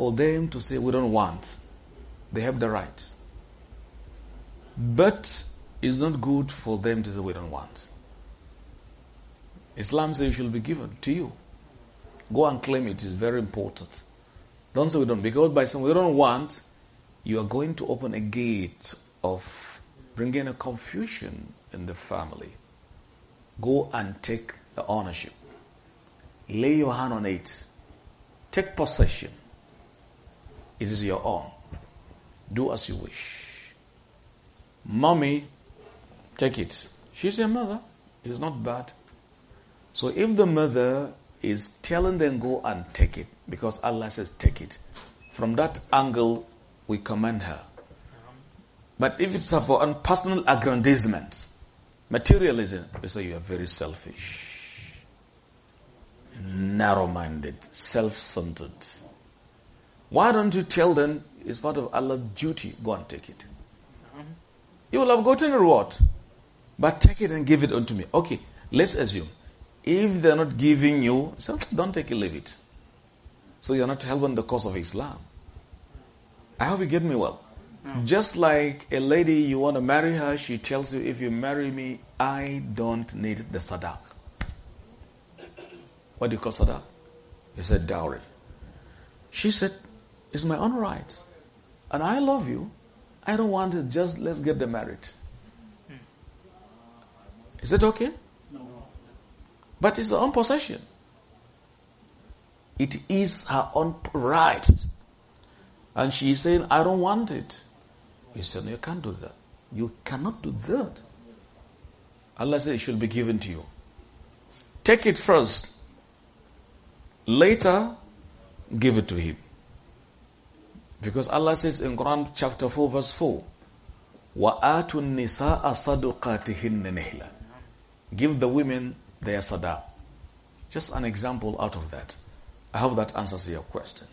for them to say, we don't want. They have the right. But it's not good for them to say, we don't want. Islam says it should be given to you. Go and claim it. It's very important. Don't say we don't, because by saying we don't want, you are going to open a gate of bringing a confusion in the family. Go and take the ownership. Lay your hand on it. Take possession. It is your own. Do as you wish. Mommy, take it. She's your mother. It is not bad. So if the mother is telling them go and take it, because Allah says take it, from that angle we command her. But if it's for personal aggrandizement, materialism, we say you are very selfish, narrow-minded, self-centered. Why don't you tell them it's part of Allah's duty? Go and take it. Mm-hmm. You will have gotten a reward. But take it and give it unto me. Okay, let's assume. If they're not giving you, so don't take it, leave it. So you're not helping the cause of Islam. I hope you get me well. No. Mm. Just like a lady, you want to marry her, she tells you, if you marry me, I don't need the sadaq. What do you call sadaq? You said dowry. She said, it's my own right. And I love you. I don't want it. Just let's get the married. Hmm. Is it okay? No. But it's her own possession. It is her own right. And she's saying, I don't want it. He said, No, you can't do that. You cannot do that. Allah said it should be given to you. Take it first. Later, give it to him. Because Allah says in Quran chapter 4 verse 4, وَآتُ النِّسَاءَ صَدُقَاتِهِنَّ نِهْلًا Give the women their sadaq. Just an example out of that. I hope that answers your question.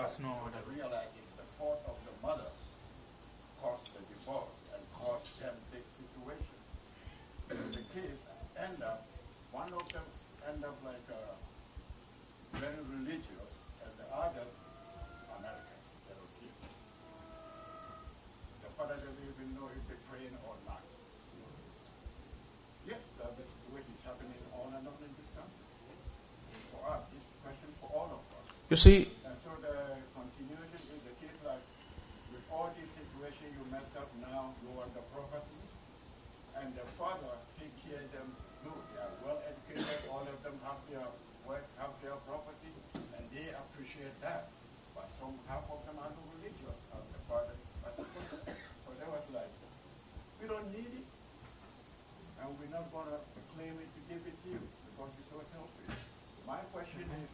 That's no order. Realizing the fault of the mother caused the divorce and caused them this situation. the kids end up, one of them end up like a uh, very religious and the other American, The father doesn't even know if they're praying or not. Yes, that's the situation is happening all and on in this country. For us, it's a question for all of us. You see, on the property, and the father take care of them. good. they are well educated. All of them have their work, have their property, and they appreciate that. But some half of them are not religious, and the father. But so they was like, we don't need it, and we're not gonna claim it to give it to you because it's so selfish. My question is,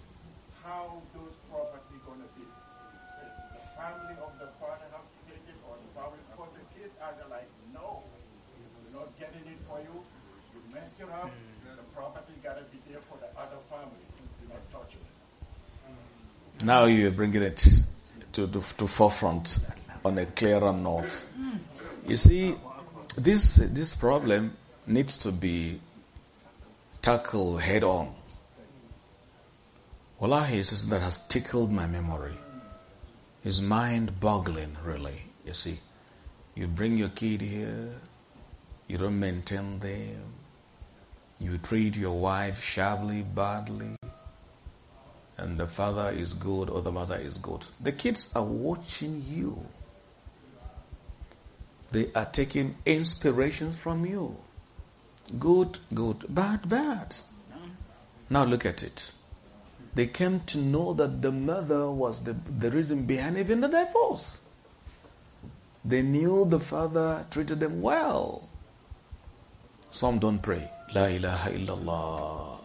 how those property gonna be? Is the family of the did it for you. You messed it up. Hmm. The property got to be there for the other family. not it. Now you're bringing it to, to, to forefront on a clearer note. Hmm. You see, this, this problem needs to be tackled head on. Wallahi is that has tickled my memory. It's mind boggling, really. You see, you bring your kid here, you don't maintain them. You treat your wife sharply, badly. And the father is good or the mother is good. The kids are watching you. They are taking inspirations from you. Good, good, bad, bad. Now look at it. They came to know that the mother was the, the reason behind even the divorce. They knew the father treated them well. Some don't pray. La ilaha illallah.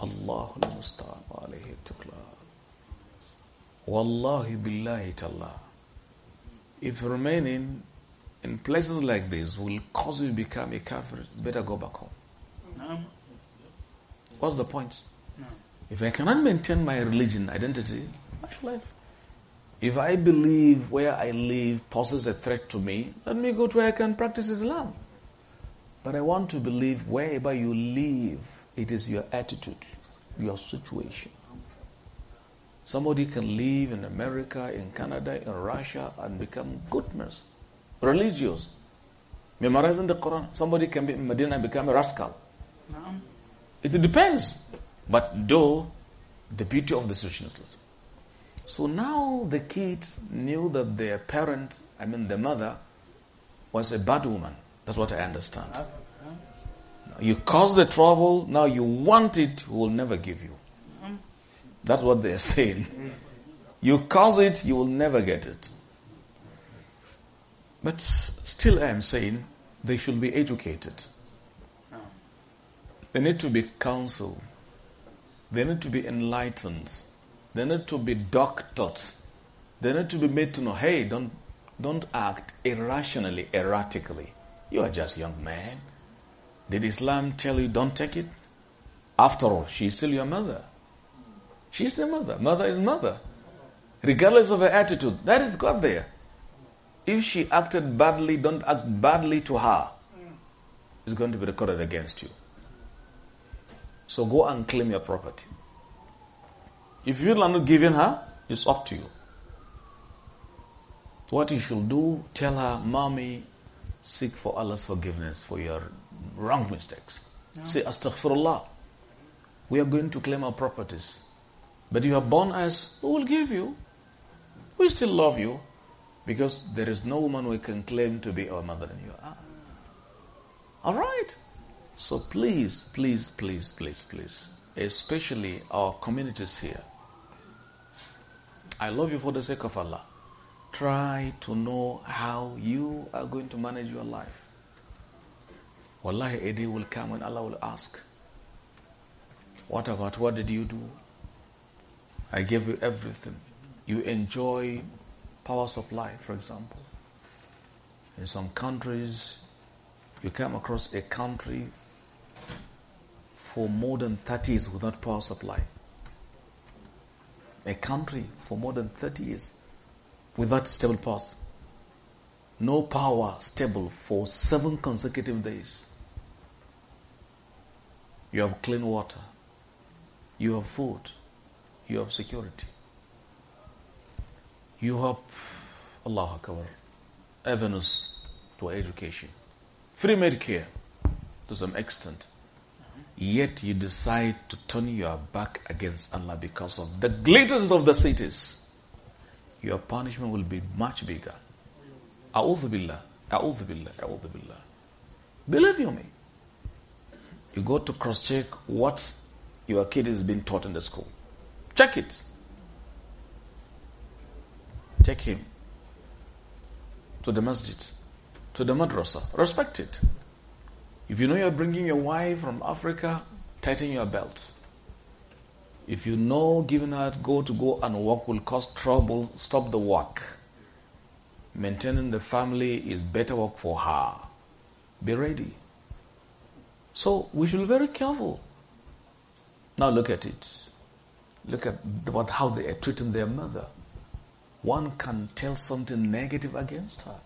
Allahul Musta'an alayhi tukla. Wallahi billahi tala. If remaining in places like this will cause you to become a kafir, better go back home. What's the point? If I cannot maintain my religion identity, I should If I believe where I live poses a threat to me, let me go to where I can practice Islam. But I want to believe wherever you live, it is your attitude, your situation. Somebody can live in America, in Canada, in Russia, and become goodness, religious, memorizing the Quran. Somebody can be in Medina and become a rascal. It depends. But though the beauty of the socialism. So now the kids knew that their parent, I mean the mother, was a bad woman. That's what I understand. You cause the trouble, now you want it, we will never give you. That's what they're saying. You cause it, you will never get it. But still, I am saying they should be educated. They need to be counseled. They need to be enlightened. They need to be doctored. They need to be made to know hey, don't, don't act irrationally, erratically. You are just young man. Did Islam tell you don't take it? After all, she's still your mother. She's the mother. Mother is mother. Regardless of her attitude, that is God there. If she acted badly, don't act badly to her. It's going to be recorded against you. So go and claim your property. If you are not giving her, it's up to you. What you should do, tell her, Mommy, seek for Allah's forgiveness for your wrong mistakes. No. Say, Astaghfirullah. We are going to claim our properties. But you are born as who will give you. We still love you. Because there is no woman we can claim to be our mother and you are. All right. So please, please, please, please, please, especially our communities here. I love you for the sake of Allah try to know how you are going to manage your life. Wallahi, a day will come and Allah will ask, What about what did you do? I gave you everything. You enjoy power supply, for example. In some countries, you come across a country for more than 30 years without power supply. A country for more than 30 years without stable path. No power stable for seven consecutive days. You have clean water. You have food. You have security. You have, Allah Akbar, avenues to education. Free Medicare to some extent. Yet you decide to turn your back against Allah because of the glitters of the cities your punishment will be much bigger. A'udhu billah, a'udhu billah, a'udhu billah. Believe you me. You go to cross-check what your kid is being taught in the school. Check it. Take him to the masjid, to the madrasa. Respect it. If you know you're bringing your wife from Africa, tighten your belt. If you know giving out go to go and work will cause trouble, stop the work. Maintaining the family is better work for her. Be ready. So we should be very careful. Now look at it. Look at what, how they are treating their mother. One can tell something negative against her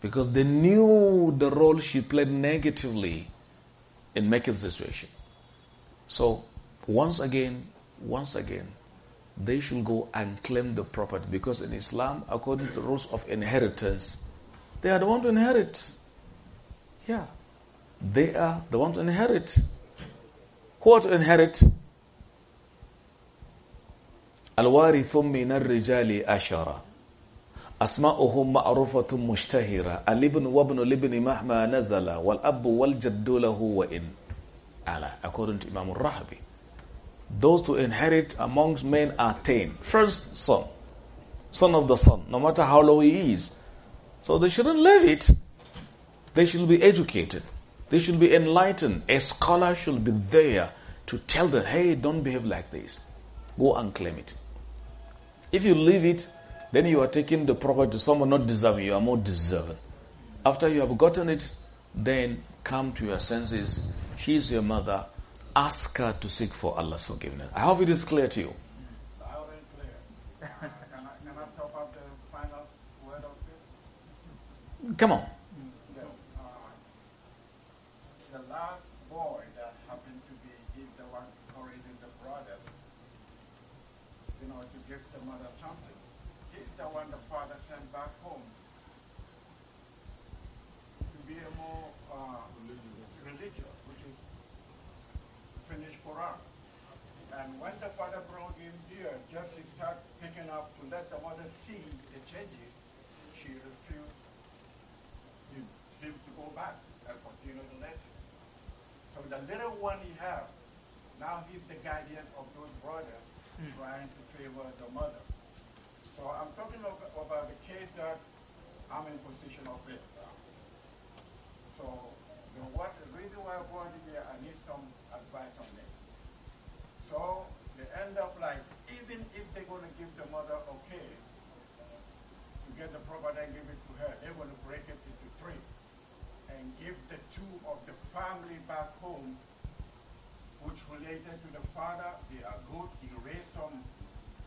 because they knew the role she played negatively in making the situation. So once again, once again, they should go and claim the property because in Islam, according to the rules of inheritance, they are the one to inherit. Yeah. They are the one to inherit. Who to inherit? الوارث من الرجال أشرة أسماؤهم معروفة مشتهرة الابن وابن الابن مهما نزل والأب والجد له وإن على according to Imam al-Rahabi those to inherit amongst men are ten. First son, son of the son, no matter how low he is. So they shouldn't leave it. They should be educated. They should be enlightened. A scholar should be there to tell them, hey, don't behave like this. Go and claim it. If you leave it, then you are taking the property to someone not deserving. You are more deserving. After you have gotten it, then come to your senses. She is your mother ask her to seek for Allah's forgiveness. I hope it is clear to you. Come on. back and continue the legend. So the little one he has, now he's the guardian of those brothers mm. trying to favor the mother. So I'm talking of, about the case that I'm in position of it. So the, what, the reason why I brought it here, I need some advice on this. So they end up like, even if they're going to give the mother okay, to get the property and give it to her, they're going to break it and give the two of the family back home, which related to the father. They are good. He raised some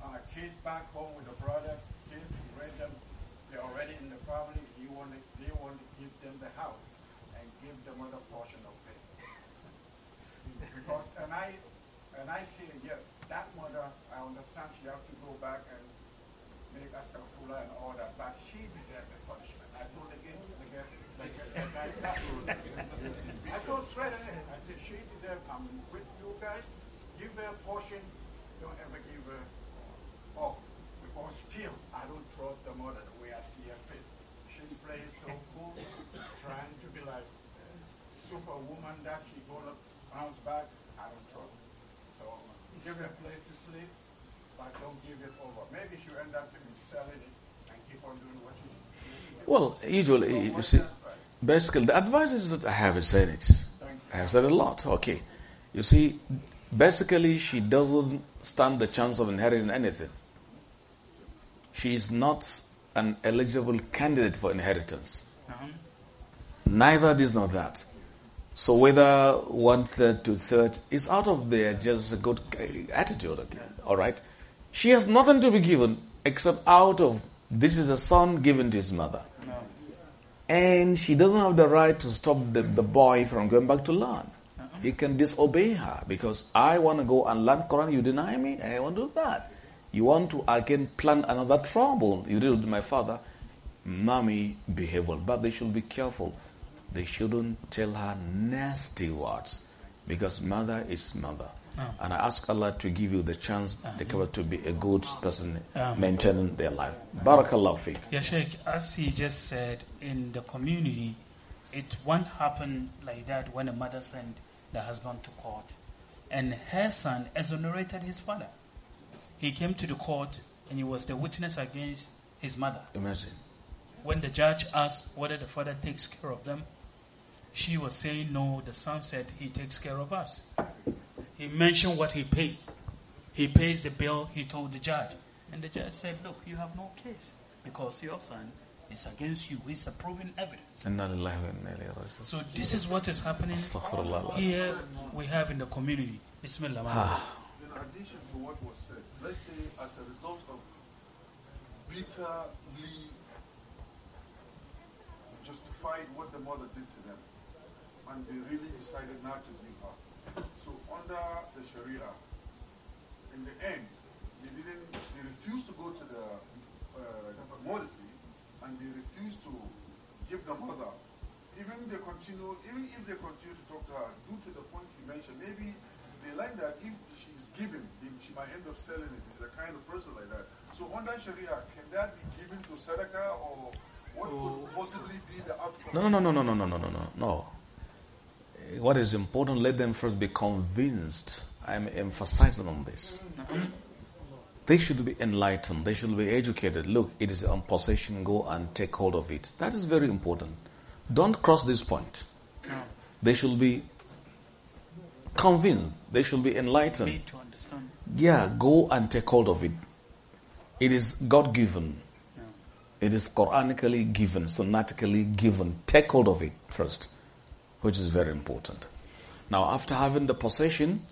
uh, kids back home with the brothers. Kids, he raised them. They're already in the family. He wanted, they want to give them the house and give them another portion of it. because, and I, and I say, yes, that mother, I understand she has to go back and make us a fuller and all that, but she I told straight ahead, I said, she deserves, I'm with you guys, give her a portion, don't ever give her all. Because still, I don't trust the mother the way I see her face. She's playing so cool, trying to be like uh, superwoman that she gonna bounce back, I don't trust her. So give her a place to sleep, but don't give it over. Maybe she'll end up selling it and keep on doing what she's doing. Well, usually, you see basically, the advice is that I have said it. I have said a lot. Okay. You see, basically, she doesn't stand the chance of inheriting anything. She is not an eligible candidate for inheritance. Uh-huh. Neither this nor that. So whether one third, two thirds is out of there, just a good attitude. Okay. All right, she has nothing to be given except out of this is a son given to his mother. And she doesn't have the right to stop the, the boy from going back to learn. Uh-huh. He can disobey her because I want to go and learn Quran, you deny me, I want to do that. You want to again plan another trouble. You did with my father. Mommy behave well. But they should be careful. They shouldn't tell her nasty words because mother is mother. And I ask Allah to give you the chance, the cover to be a good person, maintaining their life. Barakallahu fiqh. Yeah, Sheikh, as he just said, in the community, it won't happen like that when a mother sent the husband to court. And her son exonerated his father. He came to the court and he was the witness against his mother. Imagine. When the judge asked whether the father takes care of them, she was saying, No, the son said he takes care of us. He mentioned what he paid. He pays the bill, he told the judge. And the judge said, Look, you have no case because your son is against you. He's a proven evidence. So this is what is happening here we have in the community. Ah. In addition to what was said, let's say as a result of bitterly justified what the mother did to them, and they really decided not to give under the Sharia, in the end, they didn't, they refused to go to the, uh, the and they refused to give the mother. Even they continue, even if they continue to talk to her, due to the point you mentioned, maybe they like that if she's given, then she might end up selling it. It's a kind of person like that. So under Sharia, can that be given to Sadaqah or what could possibly be the outcome? No, no, no, no, no, no, no, no, no, no what is important, let them first be convinced. I'm emphasizing on this. They should be enlightened. They should be educated. Look, it is on possession. Go and take hold of it. That is very important. Don't cross this point. They should be convinced. They should be enlightened. Yeah, go and take hold of it. It is God given. It is Quranically given, sunnatically given. Take hold of it first which is very important. Now, after having the possession,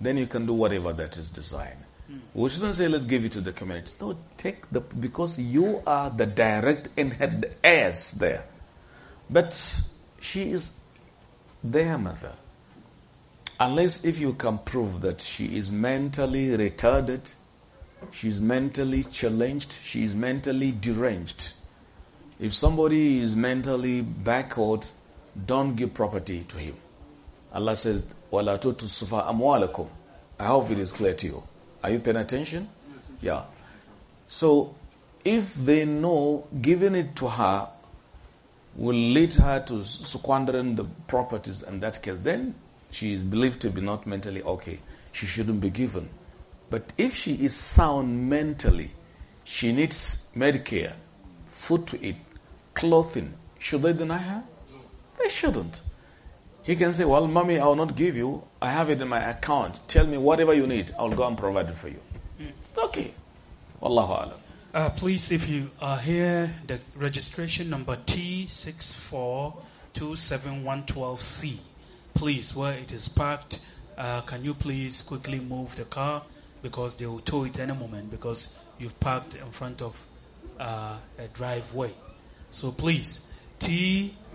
then you can do whatever that is designed. Mm. We shouldn't say, let's give it to the community. No, take the, because you are the direct and heirs there. But she is their mother. Unless if you can prove that she is mentally retarded, she is mentally challenged, she is mentally deranged. If somebody is mentally backward, don't give property to him. Allah says, وَلَا تُوتُ sufa amwalakum." I hope it is clear to you. Are you paying attention? Yeah. So, if they know giving it to her will lead her to squandering the properties in that case, then she is believed to be not mentally okay. She shouldn't be given. But if she is sound mentally, she needs Medicare, food to eat, clothing, should they deny her? They shouldn't. He can say, Well, mommy, I'll not give you. I have it in my account. Tell me whatever you need. I'll go and provide it for you. It's okay. Wallahu alam. Uh, please, if you are uh, here, the registration number T6427112C. Please, where it is parked, uh, can you please quickly move the car because they will tow it any moment because you've parked in front of uh, a driveway. So please, T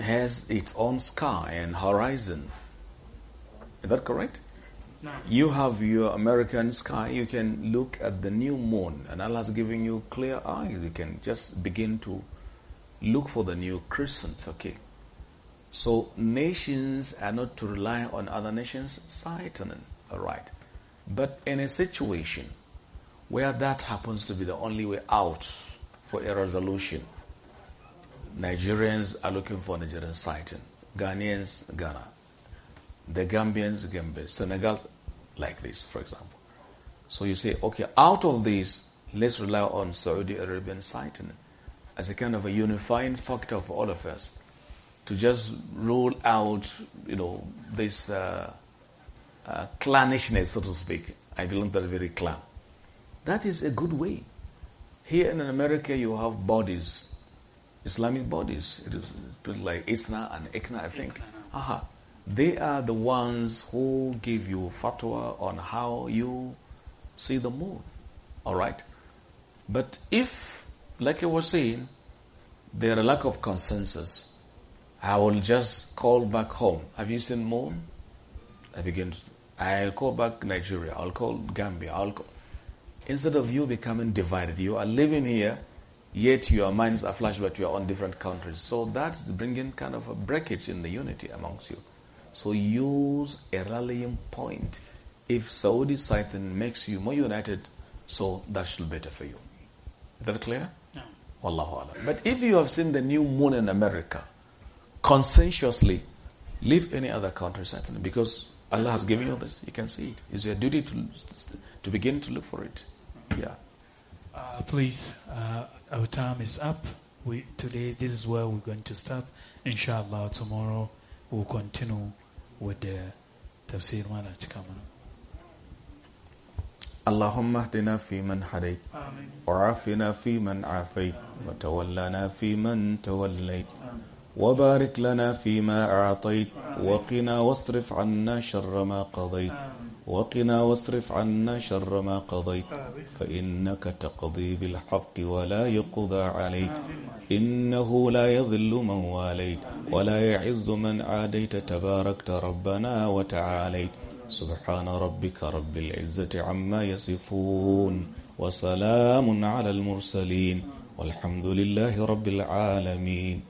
has its own sky and horizon. Is that correct? No. You have your American sky, you can look at the new moon, and Allah has given you clear eyes. You can just begin to look for the new crescent, okay? So, nations are not to rely on other nations' Satan, alright? But in a situation where that happens to be the only way out for a resolution, Nigerians are looking for Nigerian sighting. Ghanaians, Ghana. The Gambians, Gambia. Senegal, like this, for example. So you say, okay, out of this, let's rely on Saudi Arabian sighting as a kind of a unifying factor for all of us to just rule out, you know, this uh, uh, clannishness, so to speak. I belong to the very clan. That is a good way. Here in America, you have bodies Islamic bodies, it is like ISNA and Ikna, I think. Aha. They are the ones who give you fatwa on how you see the moon. Alright? But if, like I was saying, there are lack of consensus, I will just call back home. Have you seen moon? I begin. To, I'll call back Nigeria. I'll call Gambia. I'll call. Instead of you becoming divided, you are living here yet your minds are flashed, but you are on different countries. So that's bringing kind of a breakage in the unity amongst you. So use a rallying point. If Saudi side makes you more united, so that should be better for you. Is that clear? No. Wallahu Allah. But if you have seen the new moon in America, conscientiously leave any other country side because Allah has given you this. You can see it. It's your duty to, to begin to look for it. Yeah. Uh, please, uh, our time is up. We, today, this is where we're going to stop. Inshallah, tomorrow we'll continue with the tafsir manaj kama. اللهم اهدنا فيمن هديت وعافنا فيمن عافيت وتولنا فيمن توليت وبارك لنا فيما أعطيت وقنا واصرف عنا شر ما قضيت آمين. وقنا واصرف عنا شر ما قضيت فإنك تقضي بالحق ولا يقضى عليك إنه لا يذل من واليت ولا يعز من عاديت تباركت ربنا وتعاليت سبحان ربك رب العزة عما يصفون وسلام على المرسلين والحمد لله رب العالمين